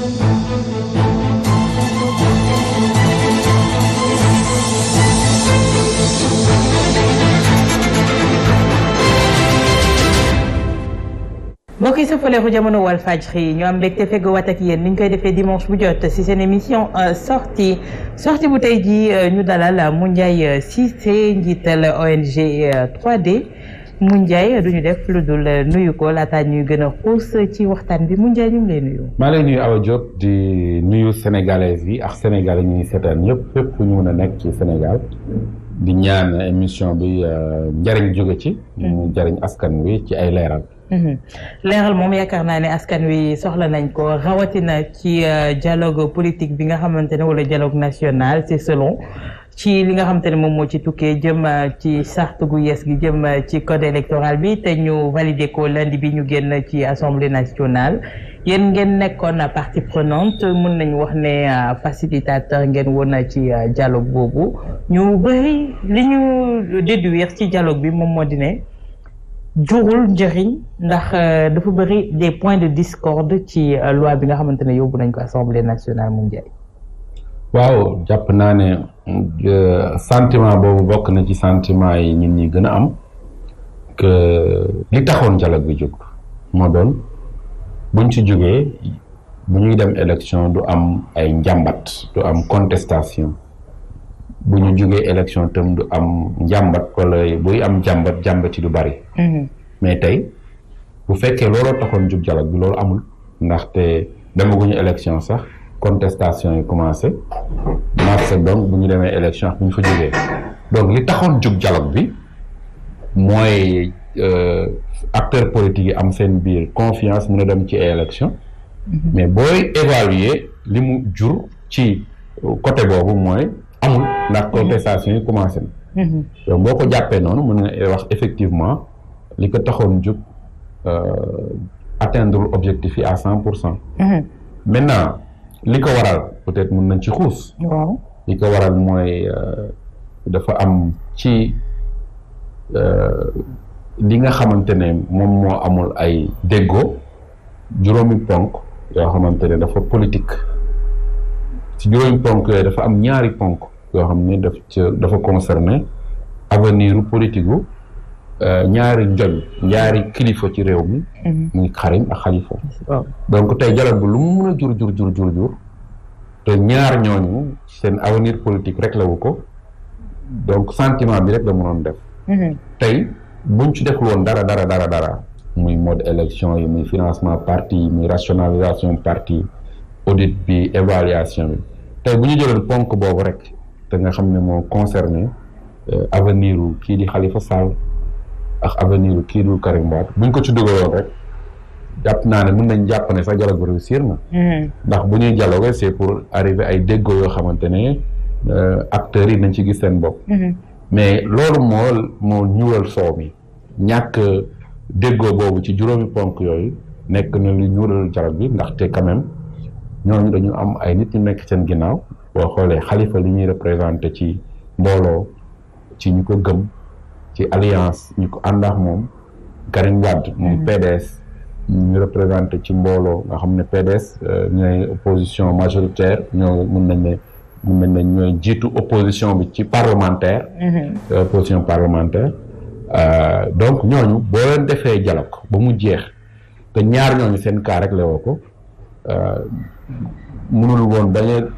mbokk yi sëppaleeku jamono Walfadjri ñu am mbégte feggowaat ak yéen ni koy defee dimanche bu jot ci seen émission euh, sortie sortie bu tey ji euh, ñu dalal Moundiaye euh, Cissé njiital ONG 3D Moune Ndiaye du def lu dul euh, nuyu ko laataa ñuy gën a xuus ci waxtaan bi Moune Ndiaye ñu ngi lay nuyu. maa lay nuyu Awa Diop di nuyu sénégalaises yi ak sénégalais ñuy seetaan yëpp fépp ñu mën a nekk ci Sénégal. di ñaan émission bi euh, njariñ jóge ci. ñu mm-hmm. jariñ askan wi ci ay leeral. Mm-hmm. leeral moom yaakaar naa ne askan wi soxla nañ ko rawatina ci euh, dialogue politique bi nga xamante ne wala dialogue national c'est selon. ci li nga xam ne moom moo ci tukkee jëm euh, ci charte gu yees gi jëm euh, ci code électoral bi te ñu validé ko lundi bi ñu génn ci assemblée nationale yéen ngeen nekkoon partie prenante mën nañu wax ne euh, facilitateur ngeen woon ci dialogue boobu ñu bëri li ñu déduire ci dialogue bi moom moo di ne jurul njëriñ ndax dafa bëri des points de discorde ci loi bi nga xamante ne yóbbu nañ ko assemblée nationale mu njaay waaw jàpp naa ne sentiment boobu bokk na ci sentiment yi ñun ñi gën a am que li taxoon jalag bi jóg moo doon buñ ci jógee bu ñuy dem élection du am ay njàmbat du am contestation bu ñu jógee élection tam du am njàmbat wala buy am jàmbat jàmbat yi du bari mhm. mais tey bu fekkee looloo taxoon jóg dialogue bi loolu amul ndaxte demaguñu élection sax contestation yi commencé mars ak donc bu ñu demee élection ak bu ñu fa jógee donc li taxoon jub dialogue bi mooy euh, acteurs politiques yi am seen biir confiance mën a dem ci ay mm-hmm. mais booy évarue li mu jur ci côté boobu mooy amul ndax mm-hmm. contestation yi commencé na mm-hmm. boo ko jàppee noonu mën na wax effectivement li ko taxoon jug euh, atteindre objectif yi à cent pour cent maintenant li ko waral peut-être mun nañ ci xuus. waaw li ko waral mooy euh, dafa am ci euh, li nga xamante ne moom moo amul ay déggoo juróomi ponk yoo xamante ne dafa politique ci juróomi ponk yooyu dafa am ñaari ponk yoo xam ne daf ca dafa concerné avenir politique Euh, ñaari njoñ ñaari kilifa ci réew mi mhm. muy xarim ak xalifa donc tey dialogue bu lu mu mën a jur jur jur jur te ñaar ñooñu seen avenir politique rek la ko donc sentiment bi rek la mënoon def mhm. tey buñ ci deful woon dara dara dara dara muy mode élection yi muy financement parti yi muy rationalisation parti audit bi évaluation bi tey bu ñu jëloon ponk boobu rek te nga xam ne moo concerné euh, avenir kii di xalifa Sall ak avenir kii du Karim Wade buñ ko ci dugaloon rek jàpp naa ne mën nañ jàpp ne sax dialogue bi réussir na mm-hmm. ndax bu ñuy dialogue c'est pour arriver ay déggo yoo xamante ne euh, acteurs yi nañ ci gis seen bopp mm-hmm. mais loolu moo moo ñuural soow mi ñàkk déggoo boobu ci juróomi ponk yooyu nekk na lu ñuural dialogue bi ndaxte quand même ñoom dañu am ay nit ñu nekk seen ginnaaw boo xoolee xalifa li ñuy représenté ci mbooloo ci ñu ko gëm ci alliance ñu ko ànd ak moom Karim Wade moom mm-hmm. PDS ñu représenté ci mbooloo nga xam ne PDS euh, ñooy opposition majoritaire ñoo mun nañ ne mun nañ ne ñooy jiitu opposition bi ci parlementaire mm-hmm. euh, opposition parlementaire euh, donc ñooñu boo leen defee dialogue ba mu jeex te ñaar ñooñu seen cas rek la ko mënul woon dañu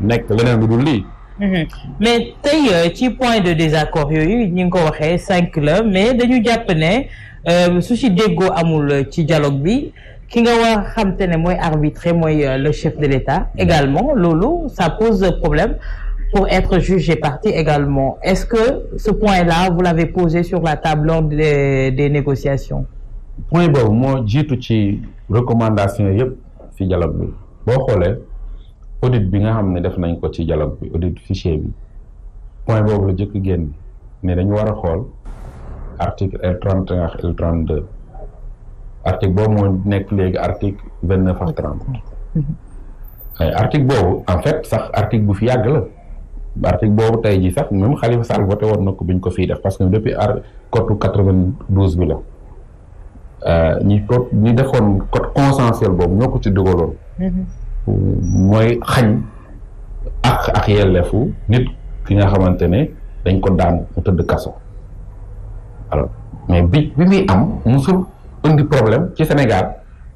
nekk leneen lu dul lii Mhm. mais tey euh, ci point de désaccord yooyu ñi nga ko waxee cinq la mais dañu jàpp ne euh, su ci déggoo amul ci dialogue bi ki nga war xam ne mooy arbitré mooy euh, le chef de l'État mm-hmm. également loolu ça pose problème pour être jugé parti également est-ce que point-là vous l'avez posé sur la table lors des, des négociations point boobu moo jitu ci recommandation yëpp ci dialogue bi audit bi nga xam ne def nañ ko ci dialogue bi audit fichier bi point boobu la jëkk génn ne dañu war a xool article L trente et un ak L trente boobu moo nekk léegi article vingt neuf ak trente ay article boobu en fait sax article bu fi yàgg la article boobu tey jii sax même Khalifa Sall voté woon na ko biñ ko fii def parce que depuis ar code quatre vingt douze bi la euh, ñi ko ñi defoon code consensuel boobu ñoo ko ci dugaloon mhm. mooy xañ ak ak yelleefu nit ki nga xamante ne dañ ko daan mu tëdd kaso alors mais bi bi muy am musul indi problème ci Sénégal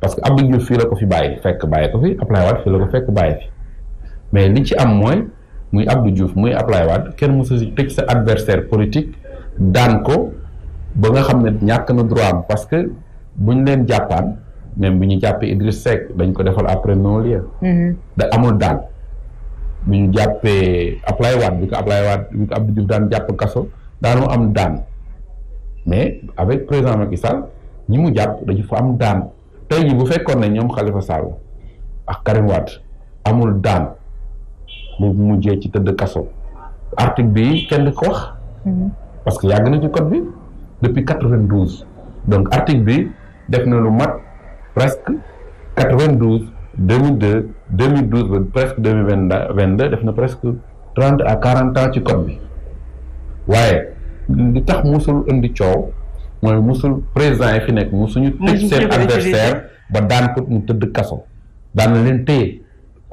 parce que Abdou Diouf fii la ko fi bàyyi fekk bàyyi ko fi Abdoulaye Wade fii la ko fekk bàyyi fi mais li ci am mooy muy Abdou Diouf muy Abdoulaye Wade kenn musul si teg sa adversaire politique daan ko ba nga xam ne ñàkk na droit am parce que buñ leen jàppaan même bu ñu jàppee Idriss Seck dañ ko defal après non lieu mhm. da amul daan bu ñu jàppee Ablaye Wade bi ko Ablaye Wade bi ko am daan mais avec président Macky Sall ñi mu jàpp dañu fa am daan tey bu fekkoon ne ñoom Khalifa Sall ak Karim Wade amul daan bu mujjee ci tëdd kaso article bi kenn ko wax mhm. parce que yàgg na ci code bi depuis quatre-vingt-douze donc article bi def na lu mat presque 92 2002 2012 ba presque 2022 def na presque 30 à 40 ans ci code bi waaye li tax musul indi coow mooy musul président yi fi nekk musuñu tëj seen adversaire ba daan ko mu tëdd kaso daan na leen téye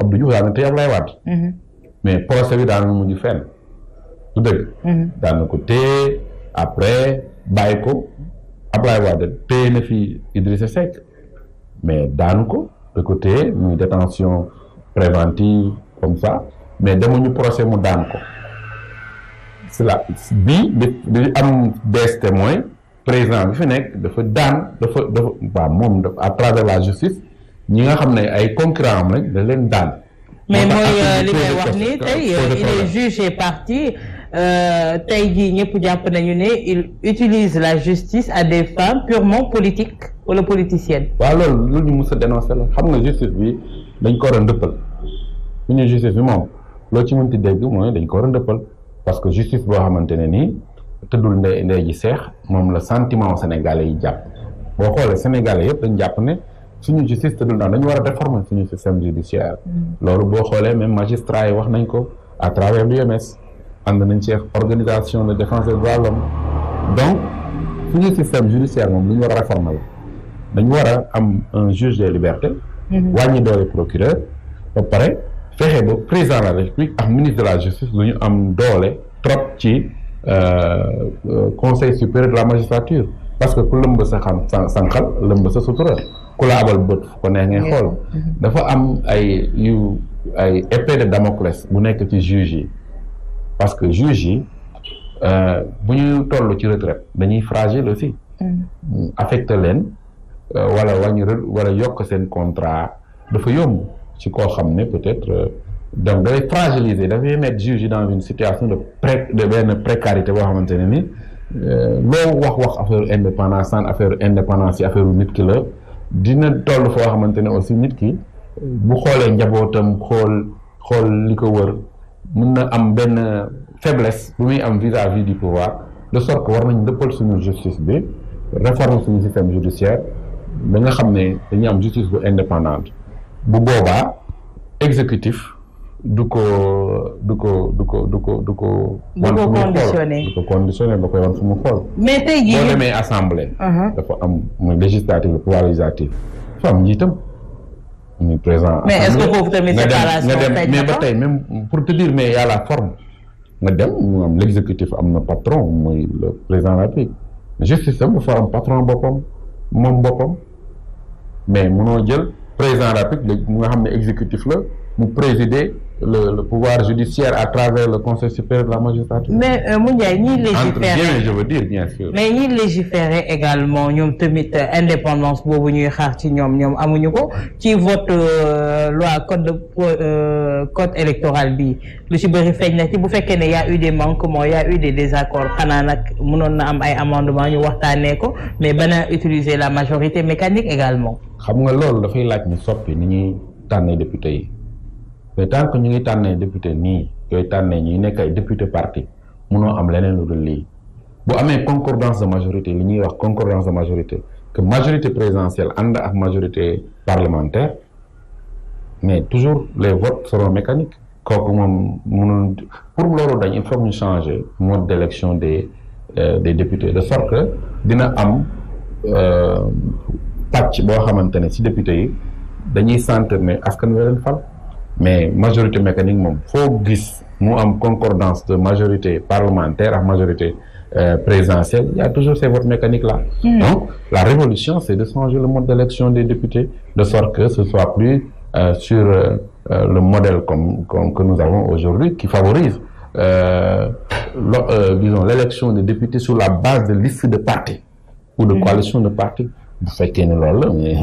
Abdou Diouf daan na téye Abdoulaye Wade mhm. mais procès du dëgg mhm. daan na ko après bàyyi ko Abdoulaye Wade na fi Idrissa Seck mais daan ko da ko téye muy détention préventive comme ça mais demuñu procès mu daan ko cela bii di am des témoins président bi fi nekk dafa daan dafa dafa waaw moom à travers la justice ñi nga xam ne ay concurrent am lañ da leen daan mais mooy euh, li may wax ni euh, tey il est jugé parti euh, tey jii ñëpp jàpp nañu ne il utilise la justice à des fins purement politiques wala politicienne. waaw loolu lu ñu mës a dénoncé la xam nga justice bi dañ ko war a ndëppal bu ñu justice bi moom loo ci mënti dégg mooy dañ ko war a ndëppal parce que justice boo xamante ne nii tëddul ndey ndey ji seex moom la sentiment sénégalais yi jàpp boo xoolee sénégalais yëpp dañ jàpp ne suñu justice tëddul ndax dañu war a réformer suñu système judiciaire mm. loolu boo xoolee même magistrat yi wax nañ ko à travers l'UMS ànd nañ ci organisation de défense des droits de donc suñu système judiciaire moom lu war a réformer dañu war am un juge des libertés. Mhm. wàññi doole procureur. ba pare fexe ba président de la république ak ministre de la justice lu ñu am doole trop ci euh, euh, conseil supérieur de la magistrature parce que ku lëmb sa xam sa sànqal lëmb sa sutura ku la abal bët fu ko neex ngay xool. Mhm. dafa am ay yu ay épée de Damoclès bu nekk ci juge yi parce que juge yi euh, bu ñu toll ci retraite dañuy fragile aussi. Mm. affecté leen. Euh, wala wàññi wala yokk seen contrat dafa yomb ci koo xam ne peut-être euh, donc dafay fragiliser dafay mettre juge yi dans une situation de pré de benn précarité boo xamante ne ni euh, loo wax wax affaire indépendance sans affaire indépendance yi affaire nit ki la dina toll foo xamante ne aussi nit ki bu xoolee njabootam xool xool li ko wër mun na am benn faiblesse bu muy am vis-à-vis du pouvoir de sorte que war nañ dëppal suñu justice bi réforme suñu système ba nga xam ne dañuy am justice bu indépendante bu boobaa exécutif du ko du ko du ko du ko du ko. du ko conditionné du ko conditionné ba koy wan fu mu xool. mais tey jii boo demee assemblée. Uh-huh. dafa am muy législative pouvoir législatif dafa am njiitam. muy présent mais nga dem mais ba tey même pour te dire mais y a la forme nga dem mu am l'exécutif am na patron muy la président de la République justice am dafa am patron boppam moom boppam. mais mënoo jël président de la République mu nga xam ne exécutif la mu présider le, le pouvoir judiciaire à travers le conseil supérieur de la magistrature. mais euh, mu Ndiaye ñiy légiférer mais ñiy légiférer également ñoom tamit euh, indépendance boobu ñuy xaar ci ñoom ñoom amuñu ko ci vote euh, loi code de code électoral bi lu ci bëri feeñ na ci bu fekkee ne y a eu des manquements y eu des désaccords xanaa nag mënoon na am ay amendements ñu waxtaanee ko mais bana utiliser la majorité mécanique également. xam nga loolu dafay laaj ñu soppi ni ñuy tànnee député yi. mais tant que ñu ngi tànnee député nii yooyu tànnee ñuy nekk ay député parti munoo am leneen lu dul lii bu amee concordance de majorité li ñuy wax concordance de majorité que majorité présidentielle ànd ak majorité parlementaire mais toujours les votes seront mécaniques kooku moom mënul pour loolu dañ il faut ñu changer mode d'élection des euh, des députés de sort que dina am euh, pàcc boo xamante ne ci député yi dañuy sentir ne askan wi leen fal mais majorité mécanique moom foo gis mu am concordance de majorité parlementaire ak majorité euh, présidentielle il y a toujours ces votes mécaniques là mm. donc la révolution c'est de changer le mode d'élection des députés de sorte que ce soit plus euh, sur euh, euh, le modèle comme, comme que nous avons aujourd'hui qui favorise lo disons l'élection des députés sur la base de liste de partis ou de mm. coalition de partis bu fekkee ne loolu la mais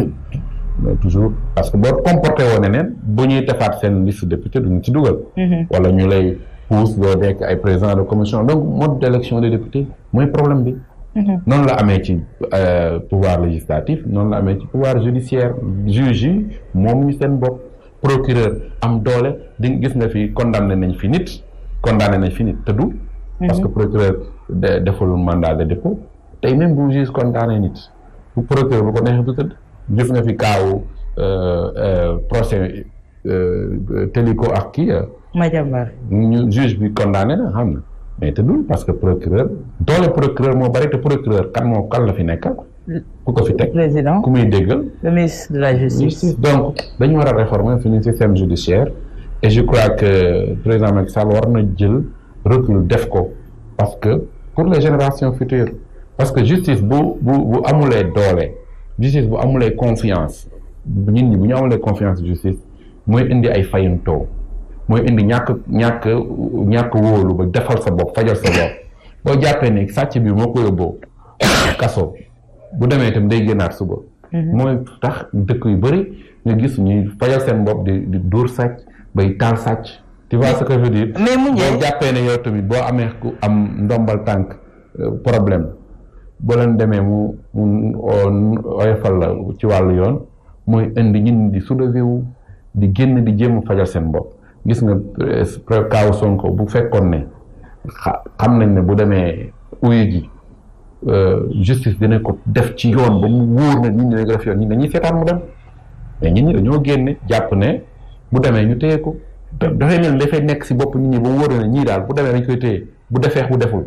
mais toujours parce que boo comporté woon neneen bu ñuy defaat seen liste député duñu ci dugal mhm. wala ñu lay pousse doo dekk ay président de commission donc mode d' élection mooy problème bi mhm. noonu la amee ci euh, pouvoir législatif noonu la amee ci pouvoir judiciaire juge moom ñu seen bopp procureur am doole di gis nga fi condamné nañ fi nit condamné nañ fi nit tëddu mhm. parce que procureur deful mandat de dépôt tey même bu juge condamné nit bu procureur bu jëf na fi kaawu euh, euh, procès euh, Téliko ak kii. Madiambal ñu juge bi condamné na xam na mais te dul parce que procureur doole procureur moo bari te procureur kan moo kan la fi nekkal. ku ko fi teg président ku muy déggal. donc dañu war a réformer suñu système judiciaire et je crois que président Macky Sall war na jël recul def ko parce que pour les générations futures parce que justice bu bu bu amulee doole. justice bu amulee confiance nit ñi bu ñu amulee confiance justice mooy indi ay fayantoo mooy indi ñàkk ñàkk ñàkk wóolu ba defal sa bopp fajal sa bopp boo jàppee ne sàcc bi moo ko yóbboo kaso bu demee itam day gënaat suba mm-hmm. mooy tax dëkk yu bëri nga gis ñuy fajal seen bopp di di dóor sàcc bay taal sàcc tu vois que je dire boo jàppee ne yow tamit boo amee ku am ndombal tànk euh, problème boo leen demee mu mu oyofal la ci wàllu yoon mooy indi ñun di soulever wu di génn di jéem a fajal seen bopp gis nga euh, kaaw Sonko bu fekkoon ne xam nañ ne bu demee uyu ji euh, justice dina ko def ci yoon ba mu wóor na ñun dañu ko def yoon ñun dañuy seetaan mu dem mais ñun dañoo génne jàpp ne bu demee ñu téye ko dafay mel dafay nekk si bopp nit ñi ba mu wóor na ñii daal bu demee dañ koy téye bu defeex bu deful.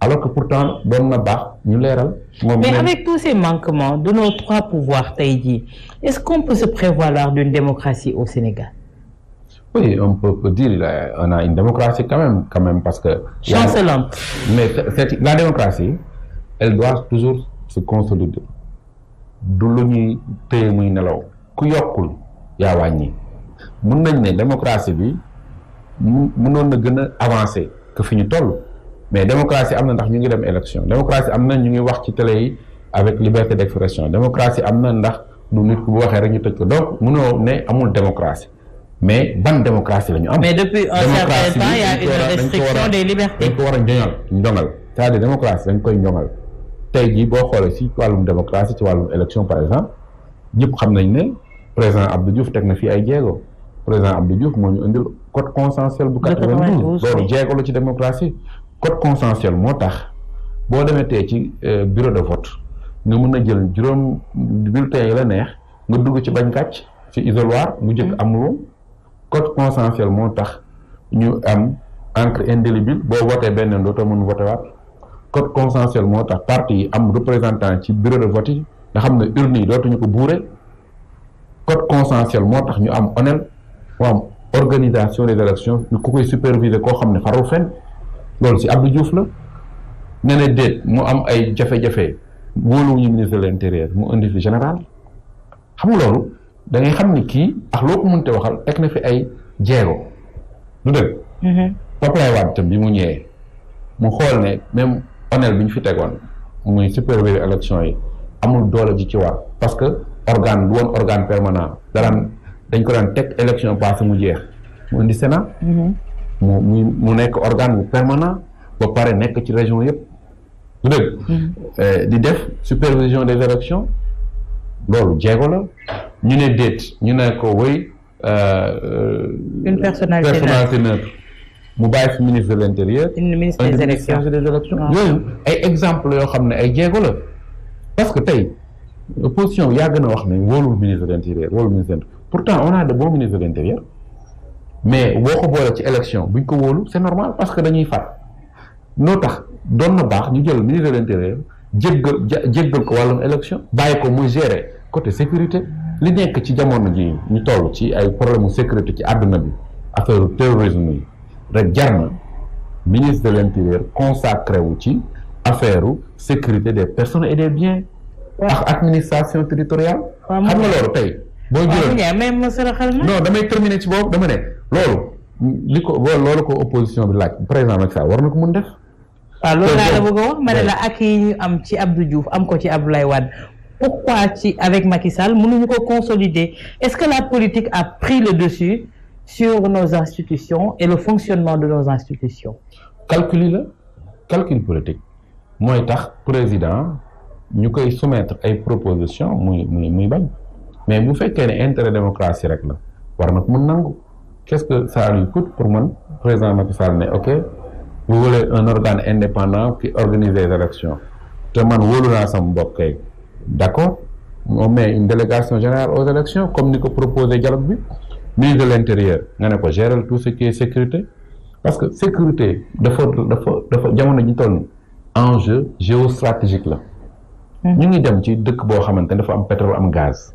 alors que pourtant doon na baax ñu leeral. moom mais avec tous ces manquements de nos trois pouvoirs tey jii est-ce qu'on peut se prévaloir d'une démocratie au Sénégal. oui on peut, dire une démocratie quand même parce que. chancelante la démocratie elle doit toujours se consolider du lu ñuy téye muy nelaw ku yokkul yaa wàññi mun nañ ne démocratie bi mu mënoon na gën a avancer que fi ñu toll. mais démocratie am na ndax ñu ngi dem élection démocratie am na ñu ngi wax ci télé yi avec liberté d'expression démocratie am na ndax du nit ku bu waxee rek ñu tëj ko donc mënoo ne amul démocratie mais ban démocratie la ñu am. mais depuis un certain temps a une restriction des dañ ko war a dañ ko war a njongal cest à démocratie dañ koy njongal tey jii boo xoolee si wàllum démocratie ci wàllum élection par exemple ñëpp xam nañ ne président Abdou Diouf teg na fi ay jéego président Abdou Diouf moo ñu indil code consensuel bu 92 loolu jéego la ci démocratie. code consensuel moo tax boo demee tey ci euh, bureau de vote nga mun a jël juróom bulletin yi la neex nga dugg ci bañ kàcc ci isoloir mu njëkk mm-hmm. amuloo code consensuel moo tax ñu am encre indélébile boo votee benn dootoo mën voté waat code consensuel moo tax parti yi am représentant ci bureau de vote yi nga xam ne urne yi dootuñu ko buure code consensuel moo tax ñu am ONEL waaw organisation des élections ku koy superviser koo xam ne farul fenn loolu si Abdou Diouf la ne ne déet mu am ay jafe-jafe wóoluwuñu ministre de l' mu indi fi général xam nga loolu da xam ni kii ak loo ko mënte waxal teg na fi ay jéego du dëgg. Mhm. Abdoulaye Wade tam bi mu ñëwee mu xool ne même ONEL bi ñu fi tegoon muy superviser élection yi amul doole ji ci war parce que organe du woon organe permanent daraan dañ ko daan teg élection passé mu jeex mu indi Sénat. Mhm. mu mu nekk organ bu permanent ba pare nekk ci région yëpp du mm-hmm. eh, di def supervision des élections loolu jéego la ñu ne déet ñu ne ko wëy euh, euh, une personnalité neutre mu bàyyi fi ministre de l' intérieur ministre des élections ah. yooyu ay exemple yoo xam ne ay jéego la parce que tey opposition yàgg na wax ne wóolul ministre de l' intérieur wóolul ministre pourtant on a de bons ministres de l' mais boo ko boolee ci bu buñ ko wóolu c'est normal parce que dañuy far noo tax doon na baax ñu jël ministre de l'intérieur jéggal jéggal ko wàllum élection bàyyi ko muy gérer côté sécurité li nekk ci jamono ji ñu toll ci ay problème mu sécurité ci àdduna bi affaire terrorisme yi rek jar na ministre de l'intérieur consacré wu ci affaire sécurité des personnes et des biens. ak administration territoriale. xam nga loolu tey. boo jëloon waaw mais na. non damay terminer ci boobu dama ne. loolu li ko loolu ko opposition bi laaj président Macky war na ko mun def. waaw ah, loolu laa la bëgg a la ak yi ñu am ci Abdou Diouf am ko ci Abdoulaye Wade pourquoi ci avec Macky Sall ñu ko consolider est-ce que la politique a pris le dessus sur nos institutions et le fonctionnement de nos institutions. calcul la calcul politique mooy tax président ñu koy soumettre ay propositions muy muy muy bañ mais bu fekkee ne intérêt démocratie rek la war na ko mun nangu. qu'est-ce que ça lui coûte pour man président Macky Sall ne ok vous voulez un organe indépendant qui organise les élections te man wóolu naa sama bopp kay d'accord on met une délégation générale aux élections comme ni ko proposé dialogue bi ministre de l'intérieur nga ne ko gérer tout ce qui est sécurité parce que sécurité dafa dafa dafa jamono ji toll ni enjeu géostratégique la hmm. ñu ngi dem ci dëkk boo xamante ne dafa am pétrole am gaz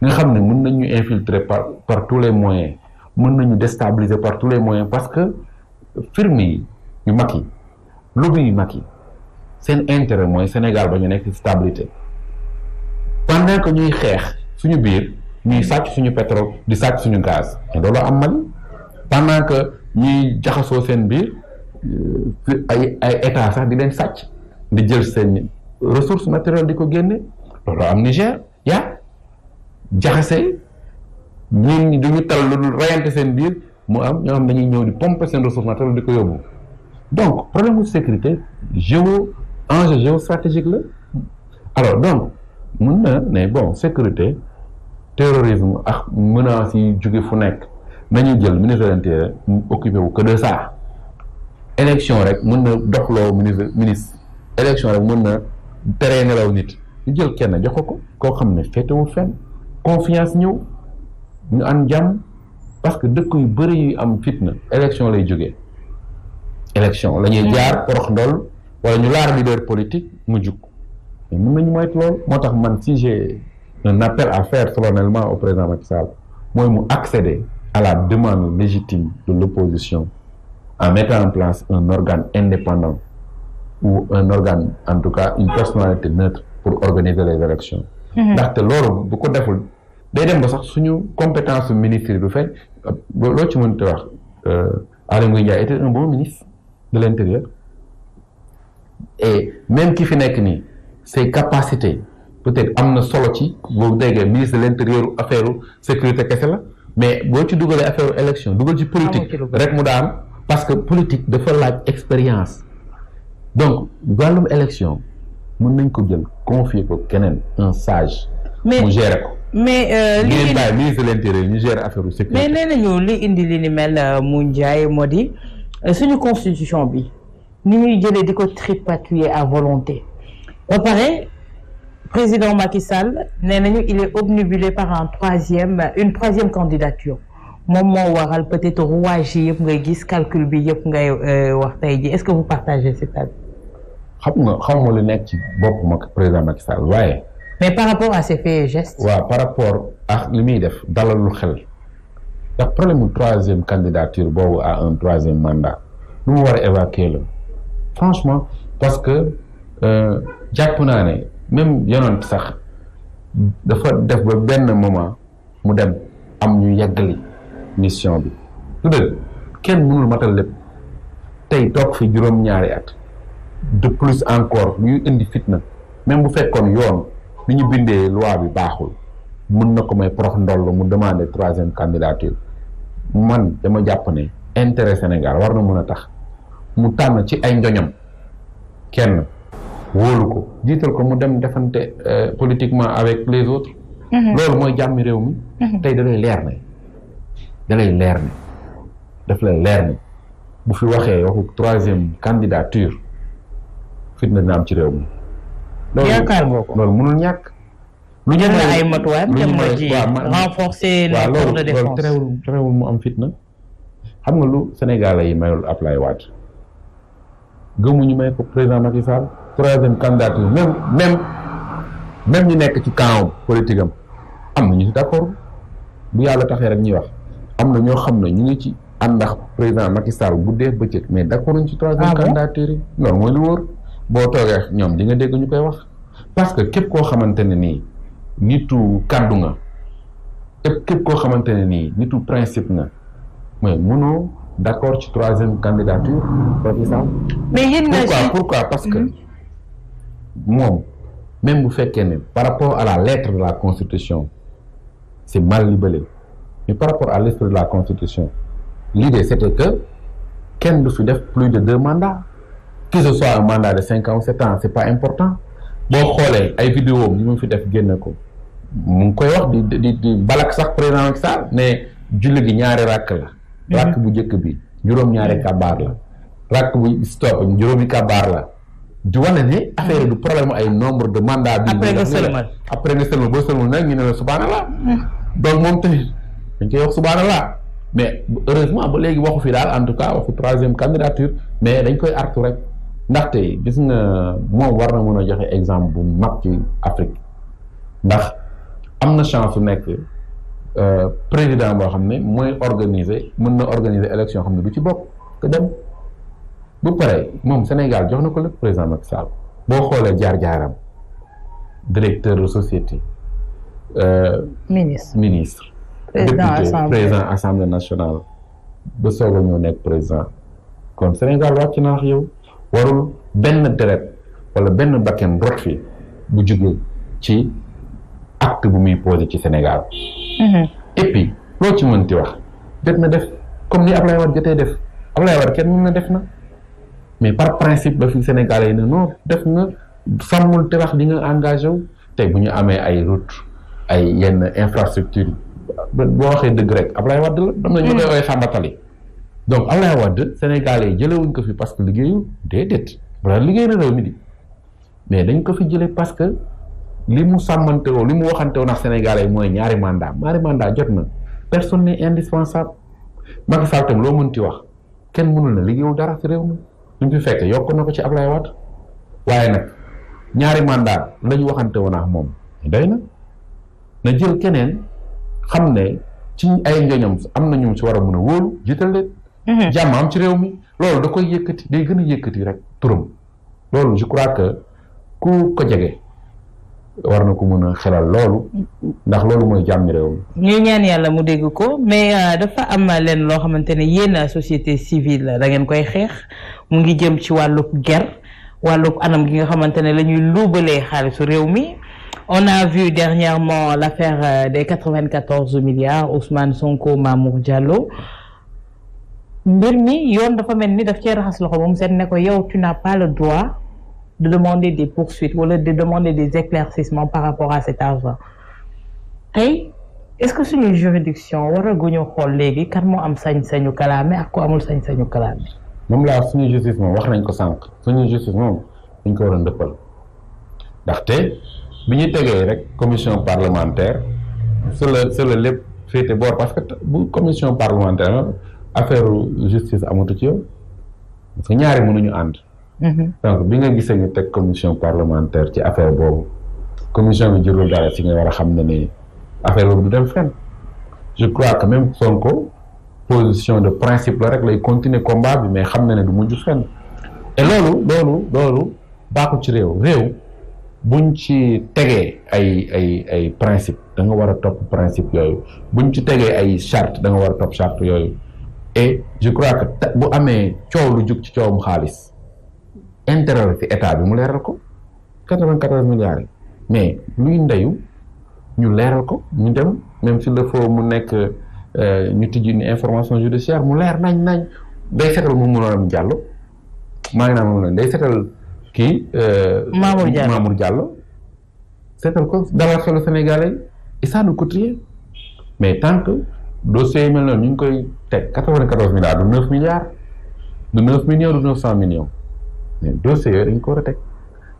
nga xam ne mën nañ ñu par par les moyens mën nañu déstabiliser par tous les moyens parce que firme yi yu mag yi lobby yu mag yi seen intérêt mooy Sénégal ba ñu nekk stabilité pendant que ñuy xeex suñu biir ñuy sàcc suñu pétrole di sàcc suñu gaz mais loolu am Mali pendant que ñuy jaxasoo seen biir euh, ay ay état sax di leen sàcc di jël seen ressources naturelles di ko génne loolu am Niger yaa jaxase ñii ñi duñu tal lu dul rayante seen biir mu am ñoo xam dañuy ñëw di pomper seen ressource naturelle di ko yóbbu donc problème u sécurité géo enjeu géostratégique la alors donc mun na ne bon sécurité terrorisme ak menaces si jóge fu nekk nañu jël ministre de l'intérieur wu que de ça élection rek mën na doxloo ministre ministre élection rek mën na teree nelaw nit ñu jël kenn jox ko ko koo xam ne féetewul fenn confiance ñëw ñu am jàmm parce que dëkk yu bëri yu am fitna élection lay jógee élection la ñuy jaar porox ndool wala ñu laar leader politique mu jug mais mën nañu moytu lool moo tax man si j'ai un appel à faire solennellement au président Macky Sall mooy mu accéder à la demande légitime de l'opposition en mettant en place un organe indépendant ou un organe en tout cas une personnalité neutre pour organiser les élections mm-hmm. ndaxte loolu bu ko deful day dem ba sax suñu compétence su ministre bi fay loo ci mënta wax euh, Aly Ngouille Ndiaye était un bon ministre de l' et même ki fi nekk nii ses capacité peut-être am na solo ci boobu déggee ministre de l' intérieur sécurité kese la mais boo ci dugalee affaire élection dugal ci politique rek mu daan parce que politique dafa laaj expérience donc wàllum élection mën nañ ko jël confier ko keneen un sage mu gérer ko mais li leen bàyyi ministre de l'intérieur ñu nañu li indi li ni mel euh, mu njaay moo di euh, suñu constitution bi ni ñuy jëlee di ko tripatouiller à volonté ba pare président Macky Sall nee nañu il est obnubilé par un troisième une troisième candidature moom moo waral peut-être rouage yi yëpp ngay gis calcul bi yëpp ngay euh, wax tey ji est-ce que vous partagez cet avis xam nga xam nga lu nekk ci bopp ma président Macky waaye mais par rapport à ces faits et par rapport ak li muy def dalalul xel ndax problème mu troisième candidature boobu à un troisième mandat lu mu war a évacuer la franchement parce que euh, jàpp naa ne même yonent sax dafa def ba benn moment mu dem am ñu yeggali mission bi lu dëgg kenn mënul matal lépp tey toog fi juróom-ñaari at de plus encore ñuy indi fitna même bu fekkoon yoon bi ñu bindee loi bi baaxul mën na ko may prox ndoll mu demander troisième candidature man dama jàpp ne intérêt Sénégal war na mën a tax mu tànn ci ay njoñam kenn wóolu ko jiital ko mu dem defante euh, politiquement avec les autres mhm. loolu mooy jàmmi réew mi mhm. tey da leer na da lay leer ne daf lay leer ne bu fi waxee waxu troisième candidature fitna na am ci réew mi yaakaar nga ko loolu mënul ñàkk. lu jël na ay matuwaayam te mooy ci renforcer mu am fitna xam nga lu Sénégalais yi mayul Ablaye Wade gëmuñu may ko président Macky Sall troisième candidature même même même ñu nekk ci camp politique am am na ñu si d'accord bu yàlla taxee rek ñuy wax am na ñoo xam ne ñu ngi ci àndax président Macky Sall guddee bëccëg mais d'accord ñu ci troisième ah candidature yi mooy lu wóor. boo toogee ñoom li nga dégg ñu koy wax parce que képp koo xamante ne nii nitu kàddu nga képp koo xamante ne nii nitu principe nga mais mënoo d'accord ci troisième candidature par exemple parce que mm-hmm. moom même bu fekkee ne par rapport à la lettre de la constitution c'est mal libellé mais par rapport à l'esprit de la constitution l'idée c'était que kenn du fi def plus de deux mandats que ce soit un mandat de cinq ans ou sept ans c'est pas important boo xoolee ay vidéo ñu mu fi def génn ko mu ngi koy wax di di di balak sax président Macky Sall ne julli gi ñaari ràkk la mhm. ràkk bu njëkk bi juróom-ñaari mhm. kabaar la ràkk bu stop juróomi kabaar la di wane ni affaire du problème ay nombre de mandat bi après nga sëlmal après nga sëlmal boo sëlmal nag ne la subhanallah mhm. donc moom tamit dañ koy wax subhanallah mais heureusement ba léegi waxu fi daal en tout cas waxu troisième candidature mais dañ koy artu rek ndaxte gis na moom war na mën a joxe exemple bu mag ci Afrique ndax am na chance su nekk euh, président boo xam ne mooy organiser mën na organiser élection xam ne du ci bokk te dem bu pare moom Sénégal jox na ko la président Macky Sall boo xoolee jaar-jaaram directeur de société. Euh, ministre ministre. président assemblée président assemblée nationale ba soog a nekk président kon Sénégal wàcc naa wax yow. warul benn deret wala benn bakken rot fi bu jóge ci acte bu muy posé ci Sénégal. Mhm. et puis loo ci mënti wax jot na def comme ni Ablaye Wade jotee def Ablaye war kenn mën na def na mais par principe ba fi Sénégalais yi ne def nga sàmmul te wax li nga engagé wu tey bu ñu amee ay route ay yenn infrastructure boo waxee dëgg rek ab Wade la. dam na ñu koy ooyee donc Ablaye Wade Sénégalais yi jëlewuñ ko fi parce que liggéeyu déedéet balaa liggéey na réew mi di mais dañ ko fi jëlee parce que li mu sàmmante li mu waxante woon ak Sénégalais yi mooy ñaari mandat ñaari mandat jot na personne n'est indispensable Macky Sall tam loo mënti wax kenn mënul na liggéeyul dara si réew mi li fi fekk yokk na ko ci Ablaye Wade waaye nag ñaari mandat lañu waxante woon ak moom day na na jël keneen xam ne ci ay njoñam am na ñu si war Mhm. jàmm am ci réew mi loolu da koy yëkkati day gën a yëkkati rek turam loolu je crois que ku ko jege war na ko mën a xelal loolu ndax loolu mooy jàmm réew mi. ñu ñaan yàlla mu dégg ko mais euh, dafa am leen loo xamante ne yéen société civile da ngeen koy xeex mu ngi jëm ci wàllub ger wàllub anam gi nga xamante ne la ñuy luubalee xaalisu réew mi. on a vu dernièrement l'affaire euh, des 94 milliards Ousmane Sonko Mamour Diallo. mbir mi yoon dafa mel ni daf cee raxas loxo moom seet ne ko yow tu n'as pas le droit de demander des poursuites wala de demander des éclaircissements par rapport a cet argent tey est-ce que suñu juridiction waral a guñu xool léegi kan moo am sañ-sañu kalaame ak ko amul sañ-sañu kalaame. moom laa suñu justice moom wax nañ ko sànq suñu justice moom dañ ko war a ndëppal ndaxte bi ñu tegee rek commission parlementaire c'est le c'est le lépp féete boor parce que bu commission parlementaire. affaire justice amatu ci yoon parce que ñaari mënuñu ànd. Mhm. donc bi nga gisee ñu teg commission parlementaire ci affaire boobu commission bi jurul dara ci nga war a xam ne ni affaire boobu du dem fenn je crois que même Sonko position de principe la rek lay continuer combat bi mais xam ne ne du mujj fenn te loolu loolu loolu baaxul ci réew réew buñ ci tegee ay ay ay principe danga war a top principe yooyu buñ ci tegee ay charte da nga war a topp charte yooyu. et je crois que bu amee coow lu jug ci coowum xaalis intérêt la état bi mu leeral ko quatre-vingt-quatorze milliards yi mais luy ndeyu ñu leeral ko ñu dem même si le faut mu nekk euh, ñu tijji ni information judiciaire mu leer nañ nañ day seetal mu mënoon am jàllo maa ngi naan moom la day seetal kii. Euh, Mamour Diallo Mamour Diallo ko dalal xelu Sénégalais yi et ça mais tant dossiers yi mel ñu ngi koy teg quatre-vingt-quatorze milliards du neuf milliards du neuf millions cent millions mais dossiers yooyu dañ ko war a teg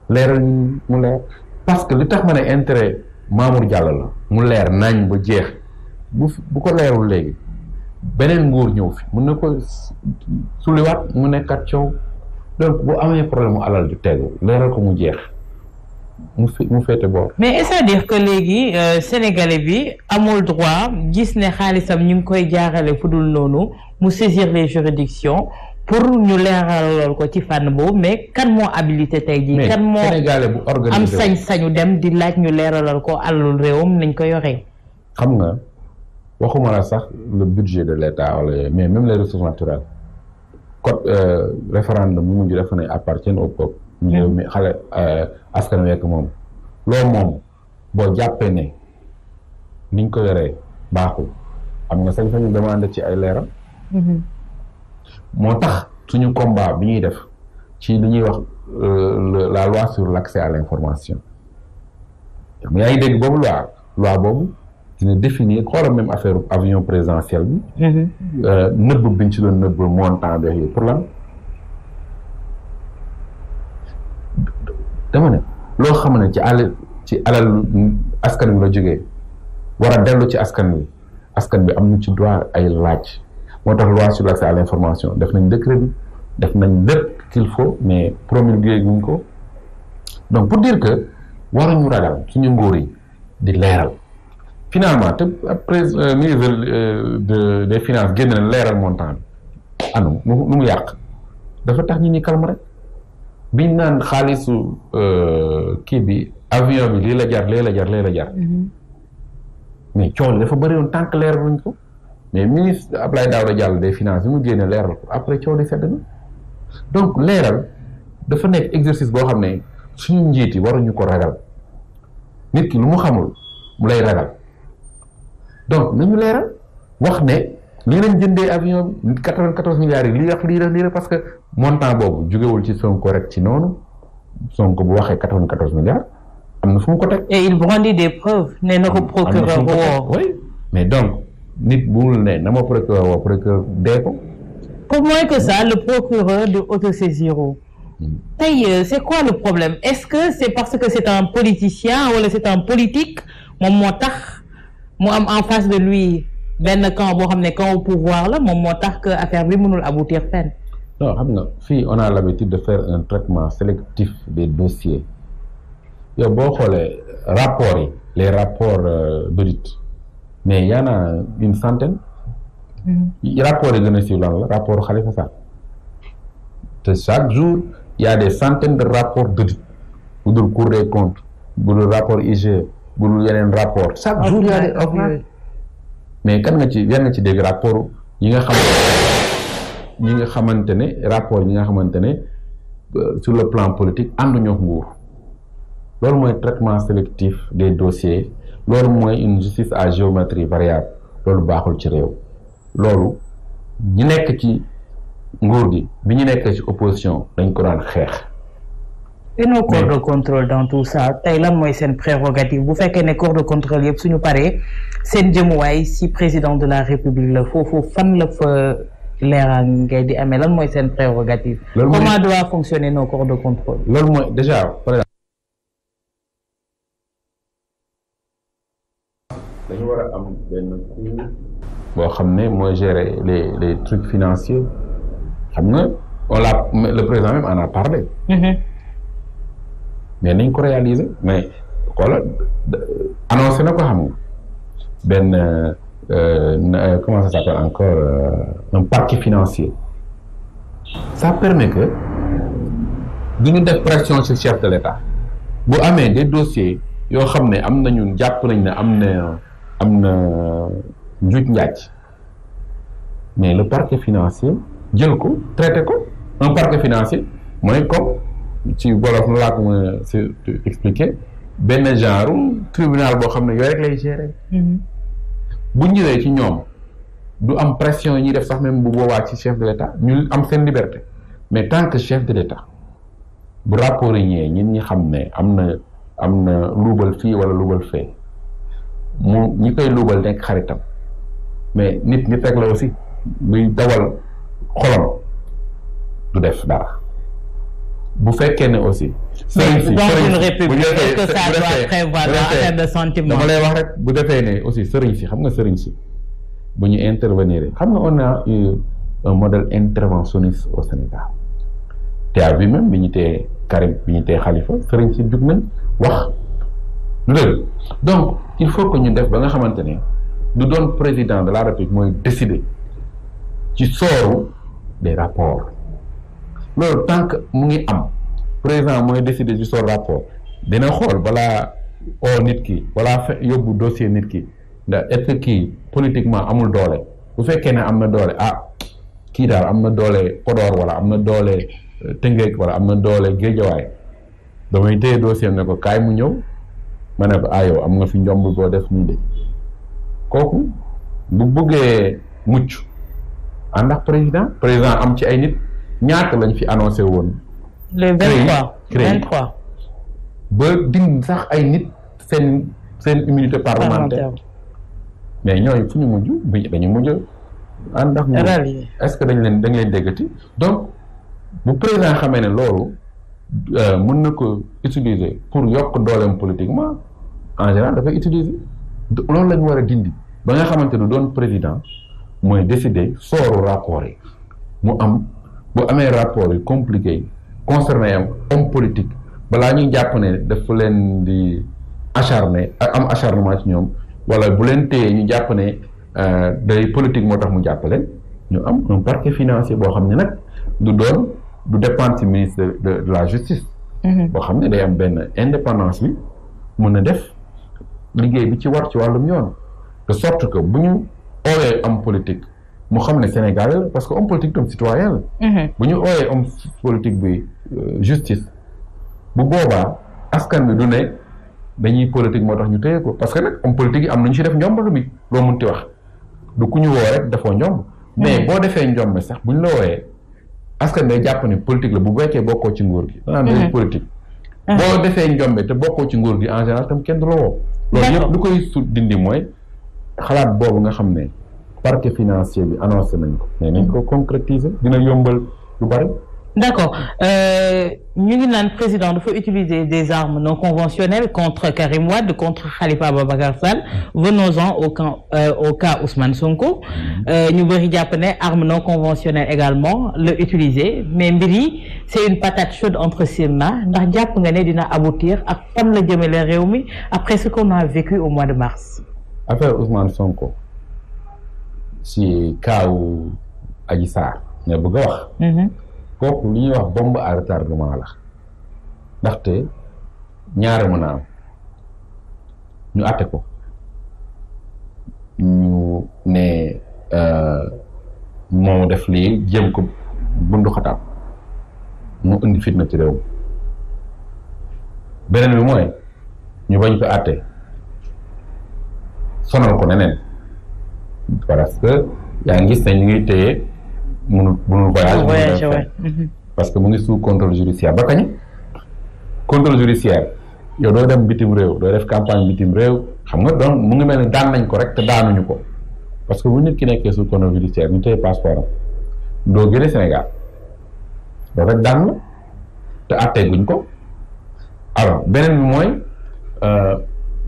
leeral ñu mu leer parce que li tax ma ne intérêt Mamour Diallo la mu leer nañ bu jeex bu bu ko leerul léegi beneen nguur ñëw fi mun na ko suliwaat mu nekkat coow donc bu amee problème mu alal di tegu leeral ko mu jeex mu mu féete mais est ce à dire que léegi euh, sénégalais bi amul droit gis ne xaalisam ñu ngi koy jaarale fu dul noonu mu saisir les juridictions pour ñu leeralal ko ci fànn boobu mais kan moo habilité tey jii. kan moo sénégalais bu organisé am sañ-sañu dem di laaj ñu leeralal ko àllul réewam nañ ko yoree. xam nga waxuma la sax le budget de l' état wala yooyu mais même les ressources naturelles code euh, référendum mu mujj dafa ne appartiennent au peuple. réew mi xale euh, askan wekk moom loolu moom boo jàppee ne niñ ko yoree baaxul am nga sañ-sañu demande ci ay leeral mm-hmm. moo tax suñu combat bi ñuy def ci li ñuy wax euh, la loi sur l' à l' information yaa ngi dégg boobu loi loi boobu dina définir xoolal affaire avion présidentiel bi mm-hmm. euh, nëbb biñ ci doon nëbb montant bi pour lan dama ne loo xam ne ci àll ci alal askan wi la jógee war dellu ci askan wi askan bi am na ci droit ay laaj moo tax loi sur l'accès à l'information def nañ décret bi def nañ lépp qu'il faut mais promulgué guñ ko donc pour dire que waruñu ragal suñu nguur yi di leeral finalement te après euh, ministre euh, de des finances génn na leeral montant bi anu mu yàq dafa tax ñi ñuy calme rek biñ naan xaalisu euh, kii bi avion bi lii la jar lii la jar lii la jar. Mhm. mais coow dafa bëri woon tant que leeraluñ ko mais ministre Abdoulaye Daouda Diallo des finances bi mu génne leeral ko après coow li sedd na donc leeral dafa nekk exercice boo xam ne suñu njiit yi waruñu ko ragal nit ki lu mu xamul mu lay ragal donc nañu leeral wax ne. li leen jëndee avion bi quatre-vingt-quatorze milliards yi lii parce que montant boobu jógewul ci Sonko rek ci noonu Sonko bu waxee quatre-vingt-quatorze milliards am na fu mu ko teg. et il brandit des preuves. nee na ko procureur woo mais donc nit bu ne na ma procureur procureur dee ko. comment que ça le procureur de autosaisir. Hmm. tey euh, c'est quoi le problème est-ce que c'est parce que c'est un politicien wala c'est un politique moom moo tax mu am en face de lui. benn camp boo xam ne camp au pouvoir la moom moo tax que affaire bi mënul aboutir fenn. non xam nga fi on a l'habitude de faire un traitement sélectif des dossiers yow boo xoolee rapports yi les rapports bruts euh, mais y en a une centaine. Mm-hmm. rapports yi gën a siiw la rapport Khalifa Sall te chaque jour ya des centaines de rapports bruts bu dul Cour des comptes bu dul rapport IG e, bu dul yeneen rapport chaque jour y a des mais kan nga ci yan nga ci dégg rapport yi nga xam ñi nga xamante ne rapport yi nga xamante ne euh, sur le plan politique ànduñoo nguur loolu mooy traitement sélectif des dossiers loolu mooy une justice à géométrie variable loolu baaxul ci réew loolu ñu nekk ci nguur gi bi ñu nekk ci opposition dañ ko daan xeex seen corps de contrôle dans tout ça tey lan mooy seen prérogative bu fekkee ne corps de contrôle yëpp suñu paree seen jëmuwaay si président de la république la foofu fan la fa leeral ngay di amee lan mooy seen prérogative comment doit fonctionner nos corps de contrôle loolu mooy déjà par exemple dañu war a am benn cour boo xam ne mooy gérer les les trucs financiers xam nga on l'a le président même en a parlé mm mais nañ ko réaliser mais xoolal annoncé na ko xam nga benn euh, euh, comment ça s'appelle encore euh, un permet que du ñu def pression sur chef de l'État bu amee des dossiers yoo xam ne am nañu jàpp nañ ne am na am na njuuj njaaj mais le parquet financier jël ko traité ko un parquet financier mooy comme ci wolof nu laa ko mën a expliquer benn genre tribunal boo xam ne yooyu rek lay gérer. Mhm. bu ñu ñëwee ci ñoom du am pression yi ñuy def sax même bu boobaa ci chef de l'État ñu am seen liberté mais tant que chef de l'État bu rapport yi ñëwee ñi xam ne am na am na luubal fii wala luubal fee mu ñi koy luubal nekk xaritam mais nit ñi teg la aussi buy dawal xolam du def dara. bu fekkee ne aussi. sëriñ si sëriñ bu defee que ça doit prévoir lay wax rek bu defee ne aussi sëriñ si xam nga sëriñ si bu ñu intervenir xam nga on a eu un modèle interventionniste au Sénégal te à lui bi ñu tee Karim bi ñu tee Khalifa sëriñ si jug nañ wax lu dëgg donc il faut que ñu def ba nga xamante ne du doon président de la République mooy décider ci sooru des rapports. loolu tant que mu ngi am président mooy décider ci son rapport dina xool balaa o nit ki balaa fe yóbbu dossier nit ki ndax est que kii politiquement amul doole bu fekkee ne am na doole ah kii daal am na doole Podor wala am na doole euh, Tëngéej wala am na doole Géejawaay damay téye dossier ne ko kaay mu ñëw ma ne ko ah am nga fi njomb boo def nii de kooku bu bëggee mucc àndax président président am ci ay nit. ñaata lañ fi annoncé woon. le 23 23 ba dindi sax ay nit seen seen immunité parlementaire. mais ñooy fu ñu mujj bu dañu mujj a ànd ak est-ce que dañ leen dañ leen déggati donc bu président xame ne loolu euh, mun na ko utiliser pour yokk doolem politiquement en général dafay utiliser loolu la ñu war a dindi ba nga xamante ne doon président mooy décider sooru rapport yi mu am bu amee rapport yu compliqué yi concerné am homme politique balaa ñuy jàpp ne dafa leen di acharné am acharnement ci ñoom wala bu leen téye ñu jàpp ne euh, day politique moo tax mu jàppaleen ñu am un financier boo xam ne nag du doon du dépendre ci ministre de la justice mm-hmm. boo xam ne day am benn indépendance bi mën a def liggéey bi ci war ci wàllum yoon de sorte que bu ñu oowee am politique mu xam ne Sénégal parce que homme politique tam mhm. bu ñu ooyee homme politique bi euh, justice bu boobaa askan bi du ne dañuy politique moo tax ñu téye ko parce que nag homme politique yi am nañu ci def njomb tamit loo munti wax du ku ñu woo rek dafoo njomb. Mhm. mais boo defee njomb sax bu ñu la wooyee askan day jàpp ne politique la bu weccee bokkoo ci nguur gi. danaan mhm. day politique. boo defee njombe te bokkoo ci nguur gi en général tam kenn du la woo. loolu yëpp lu koy su dindi mooy xalaat boobu nga xam ne. partie financier bi annoncé nañ ko mais nañ ko concrétiser dina yombal lu bari d' accord euh, ñu ngi naan président utiliser des armes non conventionnelles contre Karim Wade contre Khalifa Ababacar Sall venons-en au cas euh, au cas Ousmane Sonko mm-hmm. euh, ñu bëri jàpp ne arme non conventionnelle également la utiliser mais mbir yi c' est une patate chaude entre ses mains ndax jàpp nga ne dina aboutir ak fan la jëmale réew mi après ce qu'on a vécu au mois de mars. affaire Ousmane Sonko si kaawu Adji Sarr nga bëgg a wax mhm. kooku li ñuy wax bombe à retardement la ndaxte ñaara mën a am ñu àtte ko ñu ne euh, moo def lii jéem ko bundu mu indi fitna ci réew mi beneen bi mooy ñu bañ ko àtte sonal ko neneen parce que yaa ngi gis ne ñu ngi téye mënul mënul voyage mhm. parce que mu ngi sous contrôle judiciaire ba kañ contrôle judiciaire yow doo dem bitim réew doo def campagne bitim réew xam nga donc mu ngi mel ni daan nañ ko rek te daanuñu ko parce que bu nit ki nekkee sous contrôle judiciaire ñu téye passeport am doo génne Sénégal doo rek daan la te àttee guñ ko alors beneen bi mooy euh,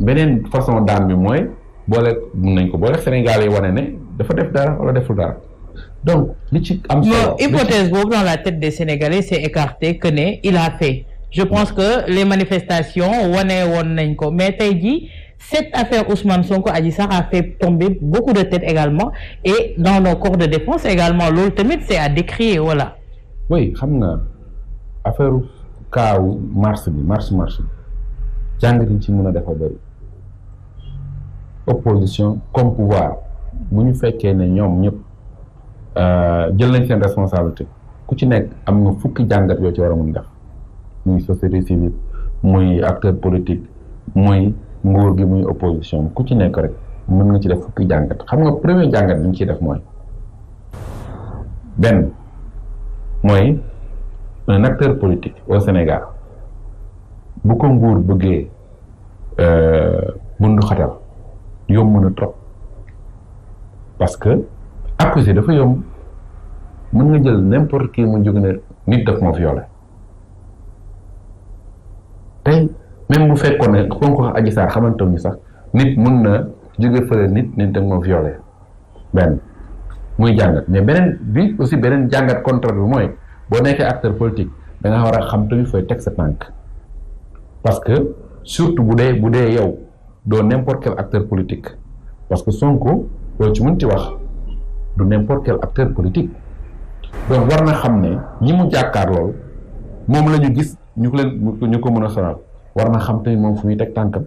beneen façon daan bi mooy boole mun nañ ko boole Sénégal wane ne dafa def dara wala deful dara donc li ci am solo hypothèse boobu dans la tête des Sénégalais c'est écarté que ne il a fait je pense que les manifestations wane woon nañ ko mais tey jii cette affaire Ousmane Sonko aji sax a fait tomber beaucoup de têtes également et dans nos corps de défense également loolu tamit c'est à décrier voilà oui xam nga affaire kaaw mars bi mars mars bi jàngat ci mun a dafa bëri opposition comme pouvoir bu ñu fekkee ne ñoom ñëpp euh, jël nañ seen responsabilité ku ci nekk am nga fukki jàngat yoo ci war a mun def muy société civile muy acteur politique muy nguur gi muy opposition ku ci nekk rek mën nga ci def fukki jàngat xam nga premier jàngat bi ñu ciy def mooy benn mooy un acteur politique au Sénégal bu ko nguur bëggee euh, bundu xatal yomb na trop parce que accusé dafa yomb mën nga jël n'importe qui mu jóg ne nit daf ma violé tey même bu fekkoon ne kon ko aji saa xamante ñu sax nit mun na jóge fële nit nit daf ma violé benn muy jàngat mais beneen bi aussi beneen jàngat contraire bi mooy boo nekkee acteur politique da nga war a xam tamit fooy teg sa tànk parce que surtout bu dee bu dee yow. doo n'importe quel acteur politique parce que Sonko loolu ci mënti wax du n'importe quel acteur politique donc war na xam ne ñi mu jàkkaar lool moom la ñu gis ñu ko leen ñu ko mën a sonal war na xam tamit moom fu muy teg tànkam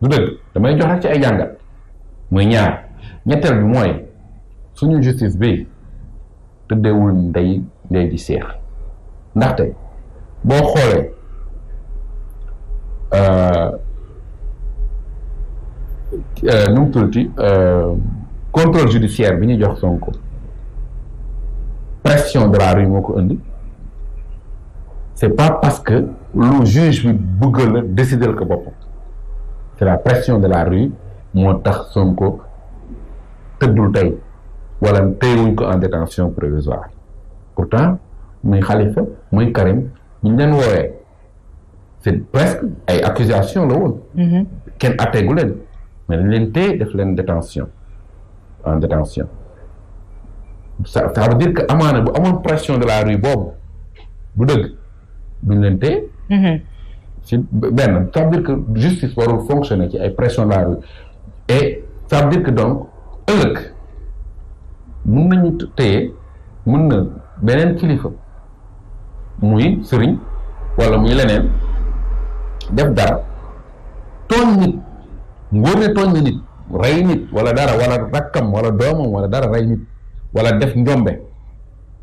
du dëgg damay jox rek ci ay jàngat muy ñaar ñetteel bi mooy suñu justice bi tëddeewul ndey ndey ji seex ndaxte boo xoolee euh, Euh, nu mu tuddati euh, contrôle judiciaire bi ñu jox Sonko pression de la rue moo ko indi c'est pas parce que lu juge bi bëgg la décider ko boppam c'est la pression de la rue moo tax Sonko tëddul tey wala teyuñ ko en détention provisoire pourtant muy Khalifa muy Karim bu ñu leen woowee c'est presque ay accusation la woon mm-hmm. kenn atteegu leen mais dañ leen téye def leen détention en détention ça ça veut dire que amaana bu amoon pression de la rue boobu du dëgg duñ leen téye mm-hmm. benn ca veut dire que justice warul fonctionner ci ay pression de la rue et ça veut dire que donc ëllëg mën nañu téye mën na beneen kilifa muy sëriñ wala muy leneen def dara tooñ nit ngóor ne tooñ nit rey nit wala dara wala rakkam wala doomam wala dara rey nit wala def njombe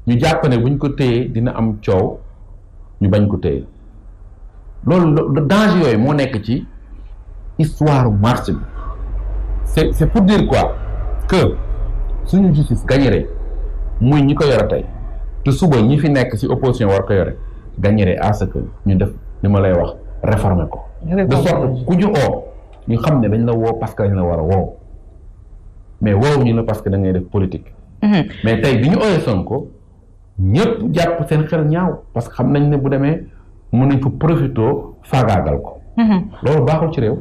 ñu jàpp ne buñ ko téyee dina am coow ñu bañ ko téye loolu danger yooyu moo nekk ci histoire marché bi c'est c'est pour dire quoi que suñu justice gañere muy ñi ko yore tey te suba ñi fi nekk ci opposition war ko yore gañere à que ñu def li ma lay wax réformer ko de sorte ku ñu oo ñu xam ne dañu la woo parce que dañ la war a woo mais woowu ñu la parce que da ngay def politique. Mhm. mais tey bi ñu oyee ko ñëpp jàpp seen xel ñaaw parce que xam nañ ne bu demee mu ne fa profité faagaagal ko. Mhm. loolu baaxul ci réew.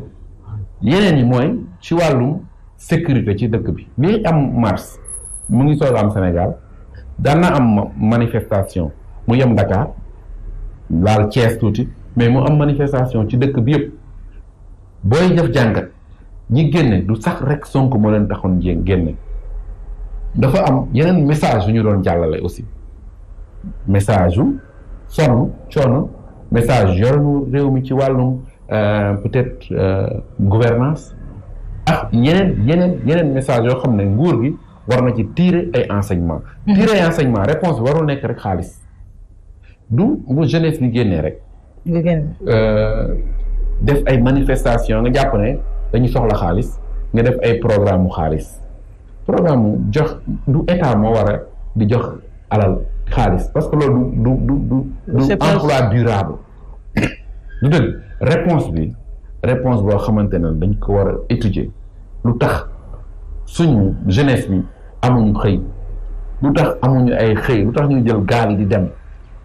yeneen yi mooy ci wàllum sécurité ci dëkk bi lii am mars mu ngi soog am Sénégal daan na am manifestation mu yem ndakaar laal Thiès tuuti mais mu am manifestation ci dëkk bi yëpp. booy def jàngat ñi génne du sax rek Sonko moo leen taxoon njéen génne dafa am yeneen message yu ñu doon jàllale aussi message yu sonn coono message yoronu réew mi ci wàllum euh, peut-être euh, gouvernance ah yeneen yeneen yeneen message yoo xam ne nguur gi war na ci tiire ay enseignement tirer ay enseignement mm-hmm. réponse bi warul nekk rek xaalis du bu jeunesse bi génnee rek def ay manifestation nga jàpp ne dañu soxla xaalis nga def ay programme mu xaalis programme mu jox du état moo war di jox alal xaalis parce que loolu du du du du emploi durable du dëgg réponse bi réponse boo xamante ne dañ ko war a étudier lu tax suñu jeunesse bi amuñu xëy lu tax amuñu ay xëy lu tax ñu jël gaal di dem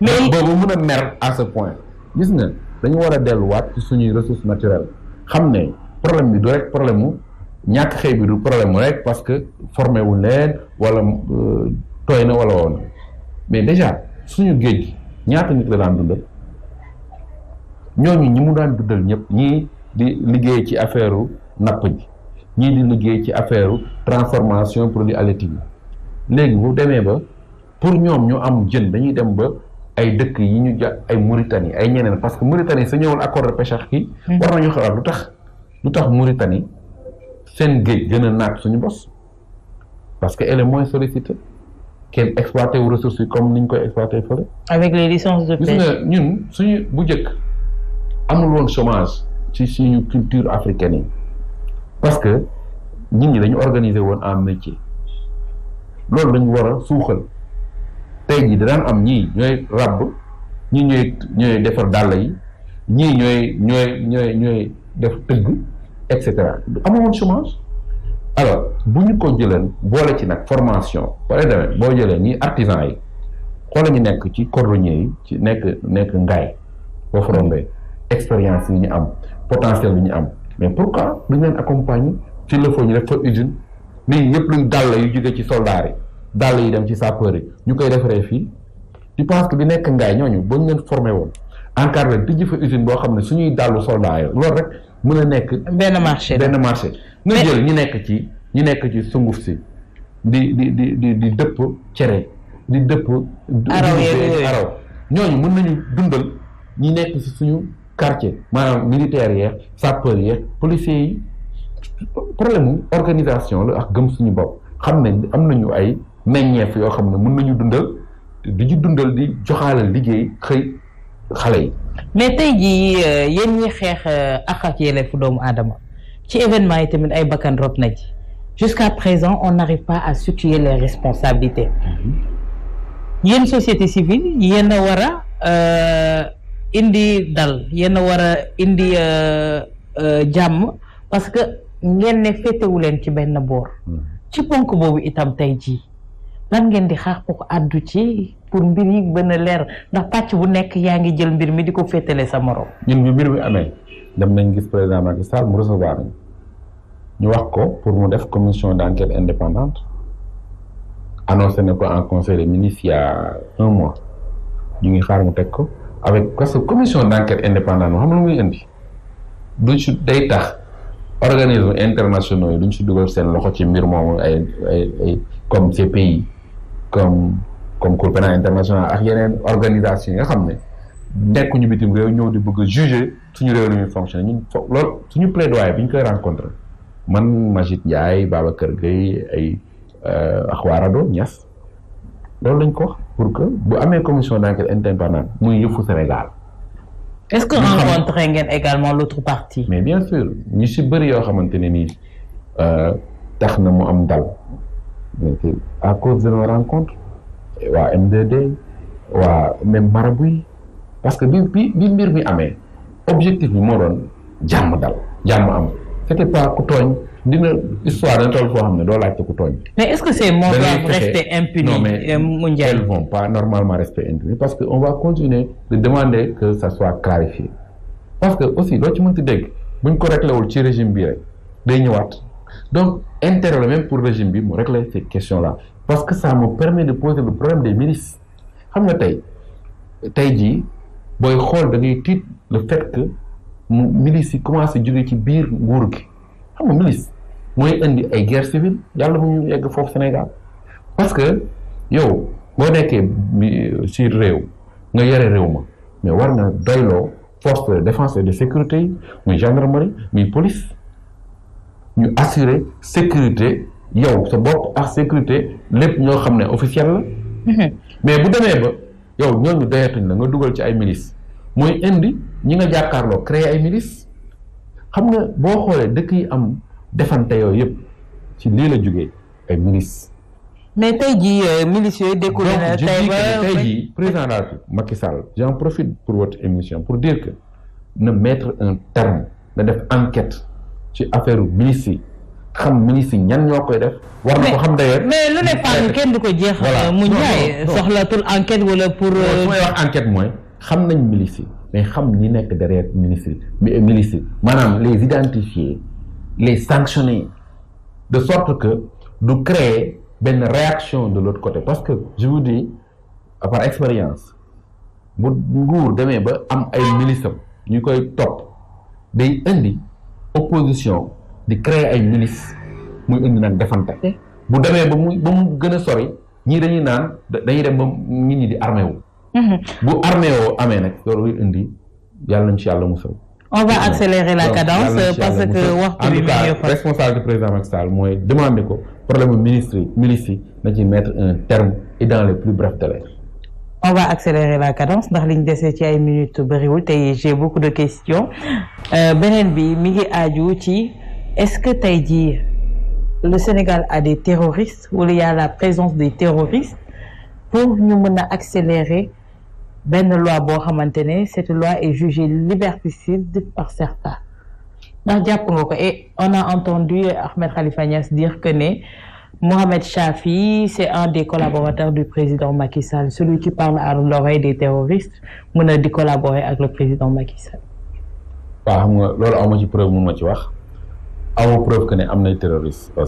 boobu mën a mer à ce point gis nga dañu war a delluwaat ci suñuy ressources naturelles xam ne problème bi du rek problème mu ñàkk xëy bi du problème mu rek parce que formé wu leen wala euh, tooy na wala woon na mais déjà suñu géej gi ñaata nit la daan dundal ñooñu ñi mu daan dundal ñëpp ñii di liggéey ci affaire napp ji ñii di liggéey ci affaire transformation produit halieutique bi léegi bu demee ba pour ñoom ñu am jën dañuy dem ba ay dëkk yi ñu jot ay Mauritanie ay ñeneen parce que Mauritanie sa ñëwoon accord de pêche ak kii. Hmm. war nañu xalaat lu tax lu tax Mauritanie seen géej gën a naat suñu bos parce que elle est moins sollicitée kenn exploité wu ressources yi comme ni ñu koy exploité fële. avec les licences ñun suñu bu njëkk amul woon chômage ci suñu culture africaine yi parce que nit ñi dañu organiser woon en métier loolu dañu war a suuxal. tey jii daan am ñii ñooy ràbb ñii ñooy ñooy defar dàll yi ñii ñooy ñooy ñooy def tëgg et cetera amoo woon chômage alors bu ñu ko jëleen boole ci nag formation wala demee boo jëlee ñii artisan yi xoola ñu nekk ci cordonnier yi ci nekk nekk ngaay boo forombe expérience yi ñu am potentiel lu ñu am mais pourquoi duñ leen accompagner s'il le faut ñu def fa usine nii yëpp luñ dàll yu jóge ci soldaar yi dàll yi dem ci sapeur yi ñu koy defaree fii je pense que bi nekk ngaay ñooñu ba ñu leen formé woon encadré tijji fa usine boo xam ne suñuy dàllu soldat yi loolu rek mën a nekk. benn marché benn marché. nga jël ñu nekk ci ñu nekk ci sunguf si di di di dëpp cere di dëpp. araw araw ñooñu mën nañu dundal ñi nekk si suñu quartier maanaam militaire yeeg sapeur yeeg policier yi problème organisation la ak gëm suñu bopp xam nañ am nañu ay. meññeef yoo xam na mën nañu dundal di ñu dundal di joxaale liggéey xëy xale yi. mais tey jii euh, yéen ñi xeex euh, ak ak yelleefu doomu aadama ci événement yi tamit ay bakkan rob na ji jusqu'à présent on n'arrive pas à situer les responsabilités mm-hmm. yéen société civile yéen a war a euh, indi dal yéen a war a indi jàmm parce que ngeen ne féetewu leen ci benn boor mm-hmm. ci ponk boobu itam tey jii lan ngeen di xaar pour àddu ci pour mbir yi gën a leer ndax pàcc bu nekk yaa ngi jël mbir mi di ko féetale sa morom. ñun bi mbir mi amee dem nañ gis président Macky Sall mu recevoir ñu ñu wax ko pour mu def commission d' enquête indépendante annoncé na ko en conseil des ministres il un mois ñu ngi xaar mu teg ko avec parce que commission d' enquête indépendante xam lu muy indi du ci day tax organisme internationaux yi duñ si dugal seen loxo ci mbir moomu ay ay comme comme Cour pénale internationale ak yeneen organisation yi nga xam ne nekk ñu bitim réew ñëw di bëgg a juger suñu réew la ñuy fonctionner ñun fo loolu suñu plaidoyer bi ñu koy rencontré man Majid Ndiaye Babacar Gueye ay euh, ak waa RADDHO Niass loolu dañ ko wax pour que bu amee commission d'enquête indépendante muy yëfu Sénégal. est-ce que rencontré ngeen également l'autre partie. mais bien sûr ñu si bëri yoo xamante ne nii euh, tax na mu am dal à cause de nos rencontres waa m waa même marabu yi parce que bi bi mbir mi amee objectif bi moo doon jàmm dal jàmm am c'était pas ku tooñ dina histoire dina toll foo xam ne doo laajte ku tooñ. mais est-ce que ces mots doivent rester impunis. non mais euh, elles pas normalement rester impunis parce que on va continuer de demander que ça soit clarifié parce que aussi loo ci mënti dégg buñ ko réglé wul ci régime bi rek day ñëwaat. donc intérêt la même pour régime bi mu régler ces question là parce que ça me permet de poser le problème des milices xam nga tey tey jii booy xool da ngay tiit le fait que mu milices yi commencé jóge ci biir nguur gi xam nga milice mooy indi ay guerre civile yàlla bu ñu yegg foofu Sénégal parce que yow boo nekkee euh, ci réew nga yore réew ma mais war na doyloo force de défense et de sécurité yi muy gendarmerie muy police ñu assurer sécurité yow sa bopp ak sécurité lépp ñoo xam ne officiel la. Mhm. mais bu demee ba yow ñooñu doyatuñ la nga dugal ci ay milices mooy indi ñi nga jàkkaarloo créer ay milices xam nga boo xoolee dëkk yi am defante yooyu yëpp ci lii la jógee ay milices. mais tey jii euh, milices yooyu découlé na tey ba tey jii président daal Sall j'en profite pour votre émission pour dire que na mettre un terme na def enquête. ci affaire ministre yi xam ministre ñan ñoo koy def. war na ko xam d'ailleurs mais lu ne fànn kenn du ko jeex. Euh, mu ñaay soxlatul enquête wala pour. Euh, su wax enquête mooy xam nañ milice yi mais xam ñi nekk derrière ministre yi euh, milice yi maanaam les identifier les sanctionner de sorte que du créer benn réaction de l'autre côté parce que je vous dis par expérience bu nguur demee ba am ay milices ñu koy topp day indi. opposition di créer ay milices muy indi nag defante bu demee ba mu ba mu gën a sori ñii dañuy naan dañuy dem ba nit ñi di armé wu mhm. bu armé woo amee nag loolu luy indi yàlla nañ ci yàlla musal on va accélérer la cadence parce que waxtu bi en responsable du président Macky Sall mooy demander ko problème ministre yi yi na ci mettre un terme et dans les plus brefs délais on va accélérer la cadence ndax liñ desee ci ay minutes bëriwul tey j'ai beaucoup de questions euh, beneen bi mi ngi aaju ci est-ce que tey jii le Sénégal a des terroristes wala y a la présence des terroristes pour ñu mën a accélérer benn loi boo xamante ne cette loi est jugée liberticide par certains ndax jàpp nga ko et on a entendu Ahmed Khalifa Niass dire que ne Mohamed Chafi, c'est un des collaborateurs du président Macky Sall, celui qui parle à l'oreille des terroristes mën na di collaborer ak le président Macky Sall. waaw xam nga loolu aw ma ci preuve ma ci wax aw am nay terroristes au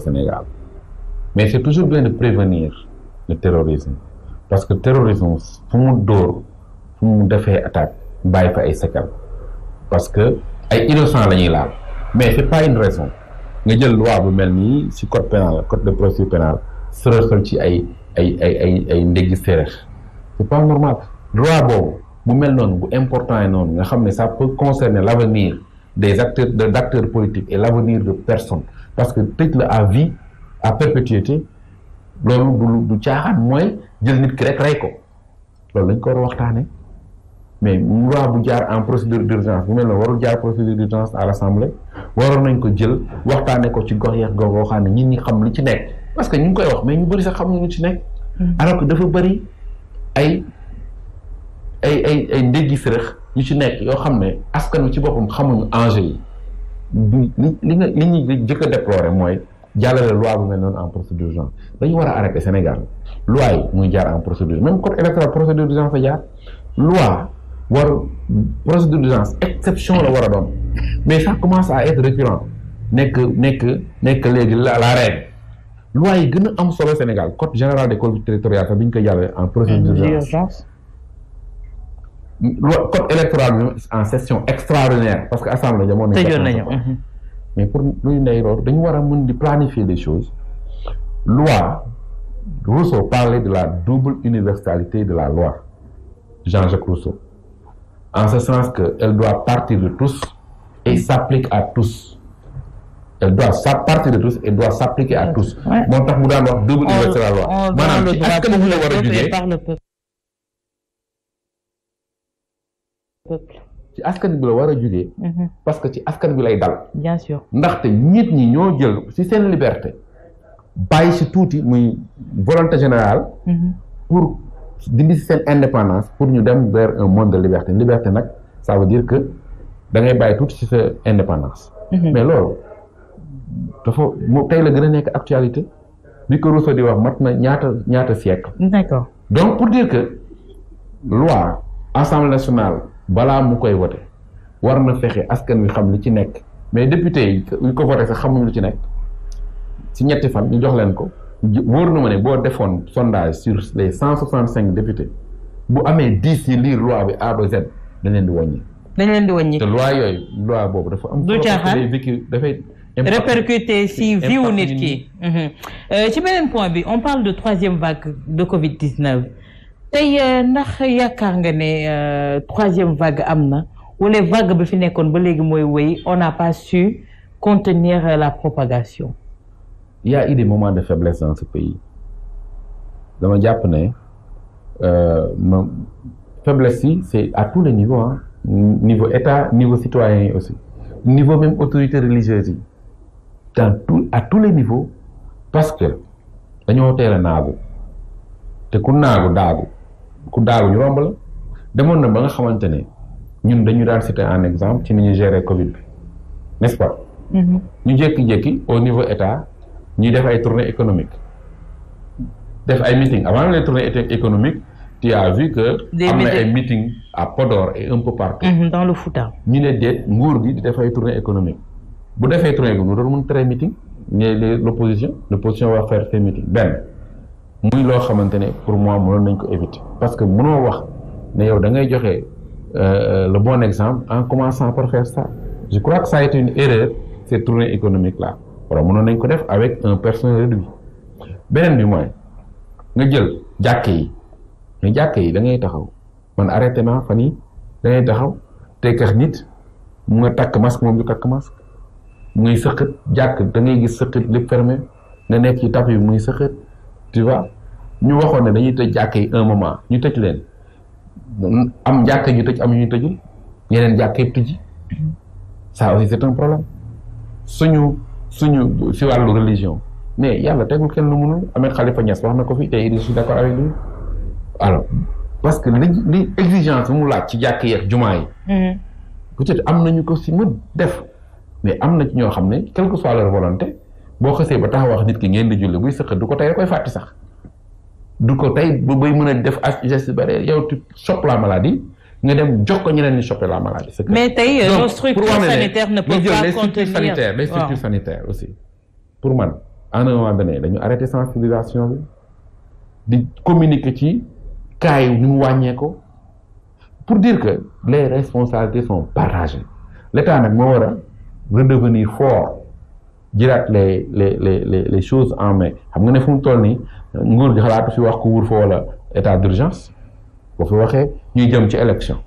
mais c'est toujours bien de prévenir le terrorisme parce que terrorisme fu mu dóor fu mu defee attaque bàyyi fa ay séquelles parce que ay innocents la ñuy laal mais c'est pas une raison. nga jël loi bu mel nii si code pénal code de procédure pénale sërësal ci ay ay ay ay ay ndéggi séeréer c'est pas normal droit boobu bu mel noonu bu important yi noonu nga xam ne ça peut concerner l'avenir des acteurs des acteurs politiques et l'avenir de personne parce que tëj la à vie à perpétuité loolu du du mooy jël nit ki rek rey ko loolu lañ ko war a waxtaane mais loi bu jaar en procédure d'urgence bu mel noonu warul jaar procédure d'urgence à l'Assemblée waroon nañ ko jël waxtaanee ko ci gox yeeg gox xam ne ñun ñi xam lu ci nekk parce que ñu ngi koy wax mais ñu bëri sax xamuñu lu ci nekk. Mm. alors dafa bëri ay ay ay ay ndéggi sërëx yu ci nekk yoo xam ne askan wi ci boppam xamuñu enjeu yi li li nga li ñuy jëkk a mooy jàllale loi bu mel noonu en procédure d'urgence dañu war a arrêté Sénégal loi yi muy jaar am procédure même code électoral procédure d'urgence fa jaar loi war procédure d'urgence exception la war a doon. mais ça commence à être récurrent nekk nekk nekk léegi la la règle loi yi gën a am solo Sénégal code général de collectivités territoriales bi ñu koy jàllale en procédure d'urgence code électoral bi en session extraordinaire parce que assemblée jamono tëjoon nañu mhm. mais pour luy ndey roor dañu war a mën di planifier les choses loi Rousseau parlait de la double universalité de la loi Jean-Jacques Rousseau en ce sens que doit partir de tous et s'applique à tous elle doit sa partie moo tax mu daan wax double ouverture ci askan wi la war a jugee bi la a jugee parce que ci askan bi lay dal bien ndaxte nit ñi ñoo jël ci seen liberté bàyyi ci tuuti muy volonté générale mm-hmm. pour dindi ci seen indépendance pour ñu dem vers un monde de liberté liberté nag ça veut dire que da ngay bàyyi tuuti ci sa indépendance. Mhm. mais loolu dafa mu tey la gën a nekk actualité bi ko Rousseau di wax mat na ñaata ñaata siècle. d'accord donc pour dire que loi assemblée nationale balaa mu koy voté war na fexe askan wi xam lu ci nekk mais député yi ko voté sax xamuñ lu ci nekk ci ñetti fan ñu jox leen ko. wóor na ma ne boo defoon sondage sur les cent soixante cinq députés bu amee dix yi lire loi bi A ba Z dañ di wàññi. dañ leen di wàññi. te loi yooyu loi boobu dafa am. du caaxaan dafay. répercuté si viwu nit ki. Mhm. Euh, ci beneen point bi on parle de troisième vague de Covid 19 tey euh, ndax yaakaar nga ne euh, troisième vague am na wala vague bi fi nekkoon ba léegi mooy wéy on n'a pas su contenir la propagation. il y a eu des moments de faiblesse dans ce pays dama jàpp ne ma faiblesse yi c'est à tous les niveaux niveau état niveau citoyen yi aussi niveau même autorité religieuse yi dans tout à tous les niveaux parce que dañoo teel a naagu te ku naagu daagu ku daagu ñu romb la demoon na ba nga xamante ne ñun dañu daal citer en exemple ci ni ñu gérer Covid bi n'est-ce pas. Mm-hmm. ñu jékki-jékki au niveau état ñuy def ay tournées économiques def ay meeting avant les tournées économiques. tu as euh, vu que am na ay meeting à Podor et un peu partout mhm, ñu ne déet nguur gi di def ay tournée économique bu defee tournée économique doon mun tere meeting ñe l'opposition l'opposition benn muy loo xamante ne pour moi mënoon nañ ko éviter parce que mënoo wax ne yow da ngay joxe euh, euh, le bon exemple en commençant par faire ça je crois que ça a été une tournée économique là wala mënoon nañ ko def avec un personnel réduit beneen bi mooy nga jël jàkke yi mais jàkk yi da ngay taxaw man arrêté naa fan yi da taxaw te kax nit mu nga takk masque moom du takk masque mu ngay sëqët jàkk da ngay gis sëqët lépp fermé nga nekk ci tap yi muy sëqët tu vois ñu waxoon ne dañuy tëj jàkk yi un moment ñu tëj leen am jàkk ñu tëj am ñu tëjul yeneen jàkk yëpp tëji ça aussi c'est un problème suñu suñu si wàllu religion mais yàlla tegul kenn lu munul Ahmed Khalifa Niass wax na ko fi te il est d'accord avec lui alors parce que li li exigence bi mu laaj ci jàkk yeeg jumaa yi. Mm-hmm. peut-être am nañu ko si mën def mais am na ci ñoo xam ne quelle que soit leur volonté boo xasee ba tax wax nit ki ngeen di julli buy sëq du ko tey da koy fàtte sax du ko tey ba bay mën a def as geste barrière yow tu chopes la maladie nga dem jox ko ñeneen ñi chopé la maladie. mais tey euh, nos structures sanitaires ne peuvent aussi pour man à un moment donné dañu arrêté sensibilisation bi di communiquer ci. cas yi ni mu wàññee ko pour dire que les responsabilités sont partagées l'état nag moo war a redevenir fort jëlaat les les les les les choses en main xam nga ne fu mu toll nii nguur gi xalaatu fi wax ku wur fa wala état d'urgence boo fi waxee ñuy jëm ci élection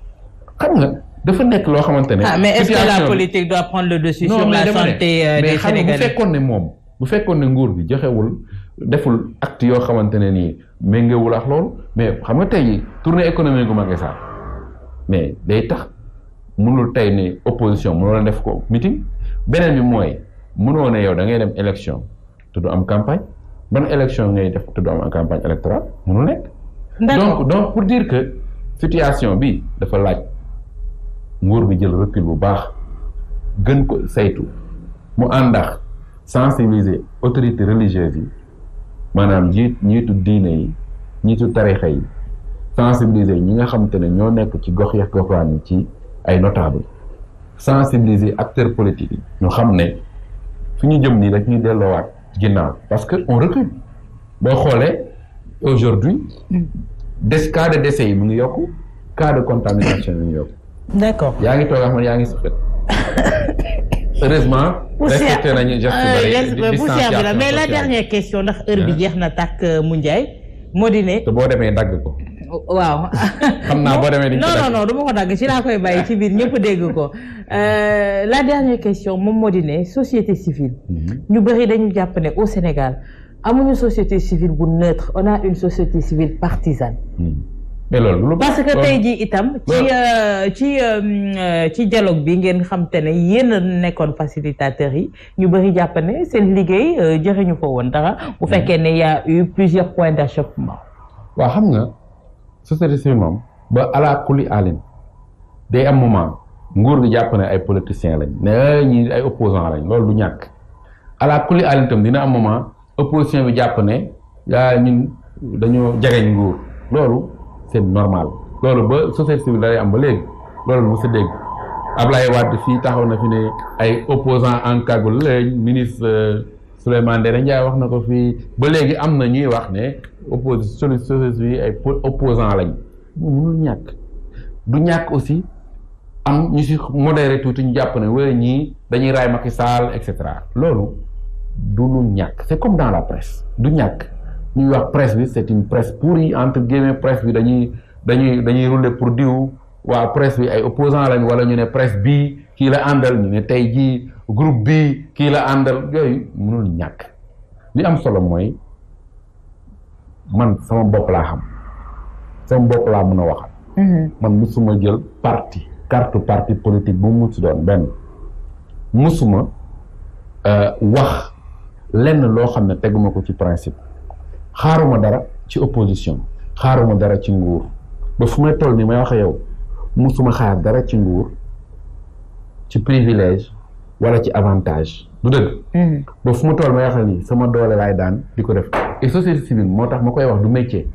xam nga dafa nekk loo xamante ne. ah mais est-ce que la politique doit prendre le dessus mais euh, xam nga bu fekkoon ne moom bu fekkoon ne nguur gi joxewul deful acte yoo xamante ne nii méngewul ax loolu mais xam nga tey jii tournée économique gu Macky Sall mais day tax mënul tey ni opposition mënoo leen def ko meeting beneen bi mooy mënoo ne yow da ngay dem élection te du am campagne ban élection ngay def te du am campagne électorale mënul nekk. donc donc pour dire que situation bi dafa laaj nguur bi jël recul bu baax gën ko saytu mu àndax sensibiliser autorités religieuses yi. maanaam njiit njiitu diine yi njiitu tarixa yi sensibiliser yi ñi nga xam ne ñoo nekk ci gox yeex goxaan yi ci ay notable sensibiliser acteurs politiques yi ñu xam ne fi ñu jëm nii rek ñuy delloowaat ginnaaw parce que on recule boo xoolee aujourd'hui des cas de décès yi mu ngi yokku cas de contamination yi mu ngi yokku d'accord yaa ngi toog xam ne yaa ngi sufet heureusement. respecté nañu geste euh, euh, bari mais la dernière question ndax heure bi jeex na tàkk euh, mu Ndiaye. moo di ne boo demee dagg ko. Oh, waaw. xam naa boo demee di non non non du ma ko dagg ci laa koy bàyyi ci biir ñëpp dégg ko la dernière question moom moo di ne société civile. Mhm. ñu bëri dañu jàpp ne au Sénégal amuñu société civile bu neutre on a une société civile partisane. Mhm. mais loolu parce que tey jii itam ci euh, ci euh, ci dialogue bi ngeen xam te ne yéen a nekkoon facilitateurs yi ñu bëri jàpp ne seen liggéey euh, jëriñu ko woon dara bu mm-hmm. fekkee ne y a eu plusieurs points d'achoppement waaw xam nga société civile moom ba ala kuli alin am moment nguur gi jàpp ne ay politiciens lañ ne ñi ay opposants lañ loolu du ñàkk ala kuli alin dina am moment opposition bi jàpp ne yaa ñun dañoo jegeñ nguur loolu c' est normal loolu ba société civile day am ba léegi loolu mu si dégg Ablaye Wade fii taxaw na fi ne ay opposant encagoulé ministre euh, Souleymane Ndéné Ndiaye wax na ko fii ba léegi am na ñuy wax ne opposition société civile ay opposant lañ mënul ñàkk du ñàkk aussi am ñu si modéré tuuti ñu jàpp ne wala ñii dañuy raay Macky Sall et cetera loolu du lu ñàkk c' est comme dans la presse du ñàkk ñuy wax presse bi c'est une presse yi entre guillemets presse bi dañuy dañuy dañuy rouler pour diw waa presse bi ay opposant lañ wala ñu ne presse bii kii la àndal ñu ne tey jii groupe bi kii la àndal yooyu mënul ñàkk li am solo mooy man sama bopp laa xam sama bopp laa mën a waxal mm-hmm. man musuma jël parti carte parti politique bu mu si doon benn musuma euh, wax lenn loo xam ne teguma ko ci principe xaaruma dara ci opposition xaaruma dara ci nguur ba fu may toll nii may wax yow mu suma xaar dara ci nguur ci privilège wala ci avantage du dëgg. Mm-hmm. ba fu ma toll may wax nii sama doole laay daan di ko def et société civile moo tax ma koy wax du métier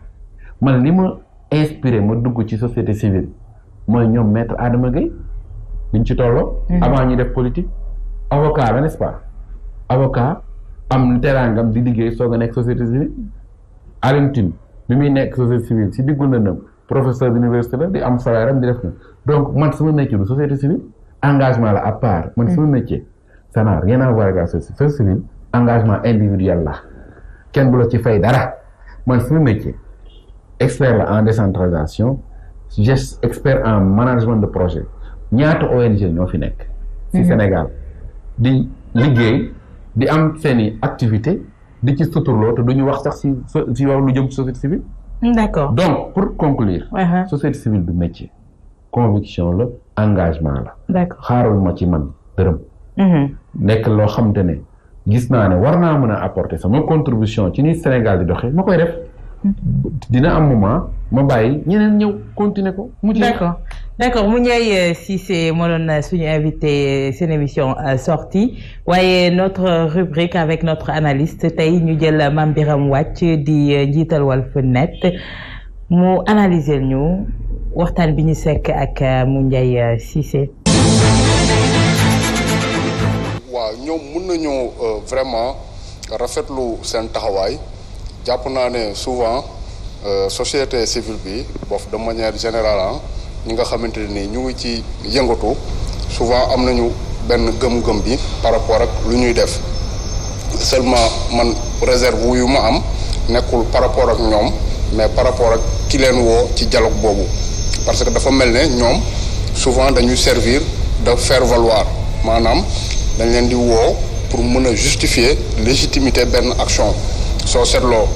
man ma inspiré ma dugg ci société civile mooy ñoom maître Adama Gueye biñ ci tolloo. Mm-hmm. avant ñuy def politique avocat la nest avocat am teraangam di liggéey soo a nekk société civile. Alioune Tine bi muy nekk société civile si diggu ndëndam professeur d'université la di am salaire am di def na donc man sama métier du société civile engagement la à part man sama mm. métier ça n'a rien à voir avec la société civile engagement individuel la kenn bu la ci fay dara man sama métier expert la en décentralisation geste expert en management de projet ñaata ONG ñoo fi nekk ci mm-hmm. Sénégal di liggéey di am seeni activité di ci loo te duñu wax sax si si wax lu jëm société civile. d'accord donc pour conclure. Uh-huh. société civile du métier. conviction la engagement la. d'accord xaaral ma ci man dërëm. Uh-huh. nekk loo xamante ne gis naa ne war naa mën a apporter sama contribution ci ni Sénégal di doxe ma koy def. dina am moment ma bàyyi ñeneen ñëw continuer ko. mu ci d'accord d'accord mu Mouniaye euh, Cissé moo doon euh, suñu invité euh, seen émission sorti waaye notre rubrique avec notre analyste tey ñu jël Mame Birame Wathie di njiital Walf Net mu analise ñu waxtaan bi ñu sekk ak Mouniaye Cissé. waaw ñoom mën nañoo vraiment rafetlu seen taxawaay. jàpp naa ne souvent euh, société civile bi bof de manière générale ah, ñi nga xamante ni ñu ngi ci yëngatu souvent am nañu benn gëm-gëm bi par rapport ak lu ñuy def seulement man réserve yu ma am nekkul par rapport ak ñoom mais par rapport ak ki leen woo ci dialogue boobu parce que dafa mel ne ñoom souvent dañuy servir de faire valoir maanaam dañ leen di woo pour mën a justifier légitimité benn action soo seetloo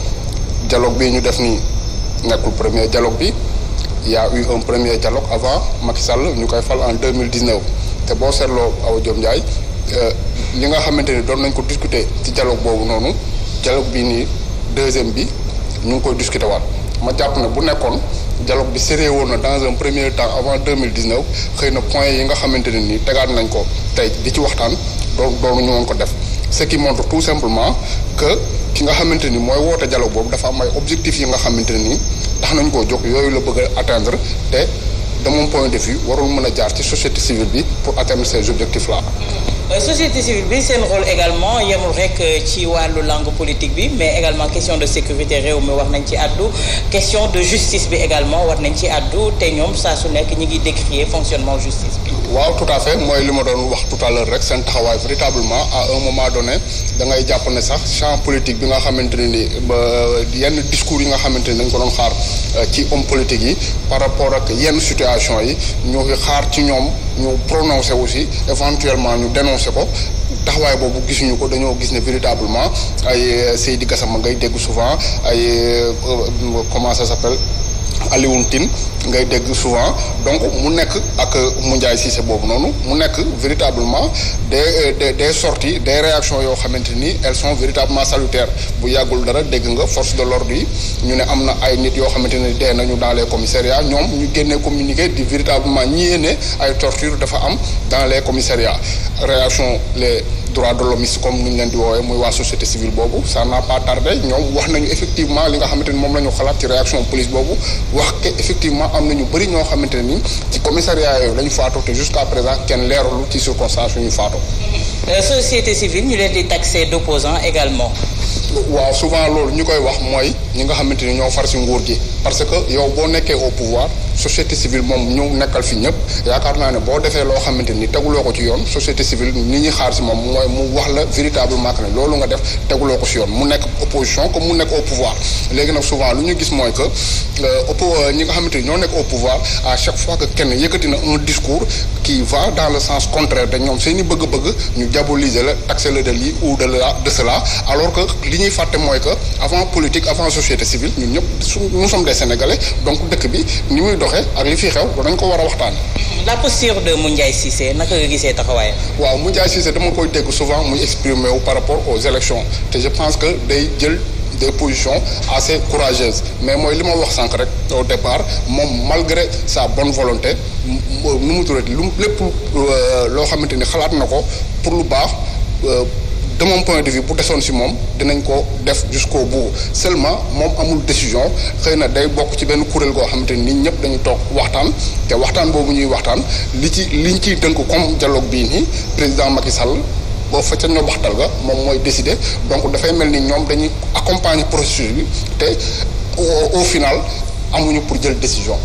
dialogue bi ñu def nii nekkul premier dialogue bi y a eu un premier dialogue avant Macky Sall ñu koy fal en 2019 te boo seetloo aw Diom Ndiaye euh, li nga xamante ni doon nañ ko discuter ci dialogue boobu noonu dialogue bi nii deuxième bi ñu ngi koy discuter waat ma jàpp na bu nekkoon dialogue bi séré woon na dans un première temps avant 2019 xëy na point yi nga xamante ne nii tegaat nañ ko tey di ci waxtaan doon doonu ñu woon ko def ce qui tout simplement que ki nga xamante ni mooy woote dialogue boobu dafa am ay objectifs yi nga xamante ni tax nañ koo jóg yooyu la bëgg a te de mon point de vue warul mën a jaar ci société civile bi pour atteindre ces objectifs là. Euh, société civile bi seen rôle également yemul rek euh, ci wàllu langue politique bi mais également question de sécurité réew mi wax nañ ci àddu question de justice bi également war nañ ci àddu te ñoom saa su nekk ñi ngi décrier fonctionnement justice bi. waaw tout à fait mooy li ma doon wax tout à l'heure rek seen taxawaay véritablement à un moment donné dangay ngay jàpp ne sax champ politique bi nga xamante ne ni ba yenn discours yi nga xamante ni dañ ko doon xaar euh, ci homme politique yi par rapport ak yenn situation yi ñoo ñu xaar ci ñoom ñu prononcé aussi éventuellement ñu dénoncé ko taxawaay boobu gisuñu ko dañoo gis ne véritablement ay Seydi Gassama ngay dégg souvent ay euh, euh, comment sa s'appelle Alioune Tine ngay dégg souvent donc mu nekk ak Moundiaye Cissé boobu noonu mu nekk véritablement de des des sorties de réactions yoo xamante ni elles sont véritablement salutaires bu yàggul dara dégg nga force de l'ordre yi ñu ne am na ay nit yoo xamante ni dee nañu dans les commissariats ñoom ñu génnee communiqué di véritablement ñiyee ne ay torture dafa am dans les commissariats réaction les droit de l'homme comme ni ñu leen di woowee muy waa société civile boobu ça n'a pas tardé ñoom wax nañu effectivement li nga xamante ni moom la xalaat ci réaction police boobu wax que effectivement am na ñu bëri ñoo xamante ni ci commissariat yooyu la ñu te jusqu'à présent kenn leeralu ci circonstance yu ñu faatoo. Euh, société civile ñu leen di taxé d'opposants également. waaw souvent loolu ñu koy wax mooy ñi nga xamante ni ñoo far si nguur gi parce que yow boo nekkee au pouvoir société civile moom ñu nekkal fi ñëpp yaakaar naa ne boo defee loo xamante ni teguloo ko ci yoon société civile ni ñuy xaar si moom mooy mu wax la véritablement que ne loolu nga def teguloo ko si yoon mu nekk opposition comme mu nekk au pouvoir léegi nag souvent lu ñu gis mooy que euh, euh, ñi nga xamante ni ñoo nekk au pouvoir à chaque fois que kenn yëkkati na un discours qui va dans le sens contraire de ñoom seen i bëgg-bëgg ñu diaboliser la taxer la de lii ou de la alors que li ñuy fàtte mooy que avant politique avant société civile ñun ñëpp nous sommes des sénégalais donc dëkk bi ni muy doxee ak li fi xew dañ ko war a waxtaan. la posture de Moundiaye Cissé naka nga gisee taxawaay waaw Moundiaye Cissé dama koy dégg souvent muy exprimer wu par rapport aux élections te je pense que day jël. des positions assez courageuses mais mooy li ma wax sànq rek au départ moom malgré sa bonne volonté nu mu tuddati lu lépp euh, loo xamante ni xalaat na ko pour lu baax euh, de mon point de vue bu desoon si moom dinañ ko def jusqu'au bout seulement moom amul décision xëy na day bokk ci benn kuréel goo xamante ni ñëpp dañu toog waxtaan te waxtaan boobu ñuy waxtaan li ci liñ ciy tënk comme dialogue bii nii président Macky Sall boo fa ca ñoo ba moom mooy décider donc dafay mel ni ñoom dañuy accompagne processus bi te au final amuñu pour jël décision.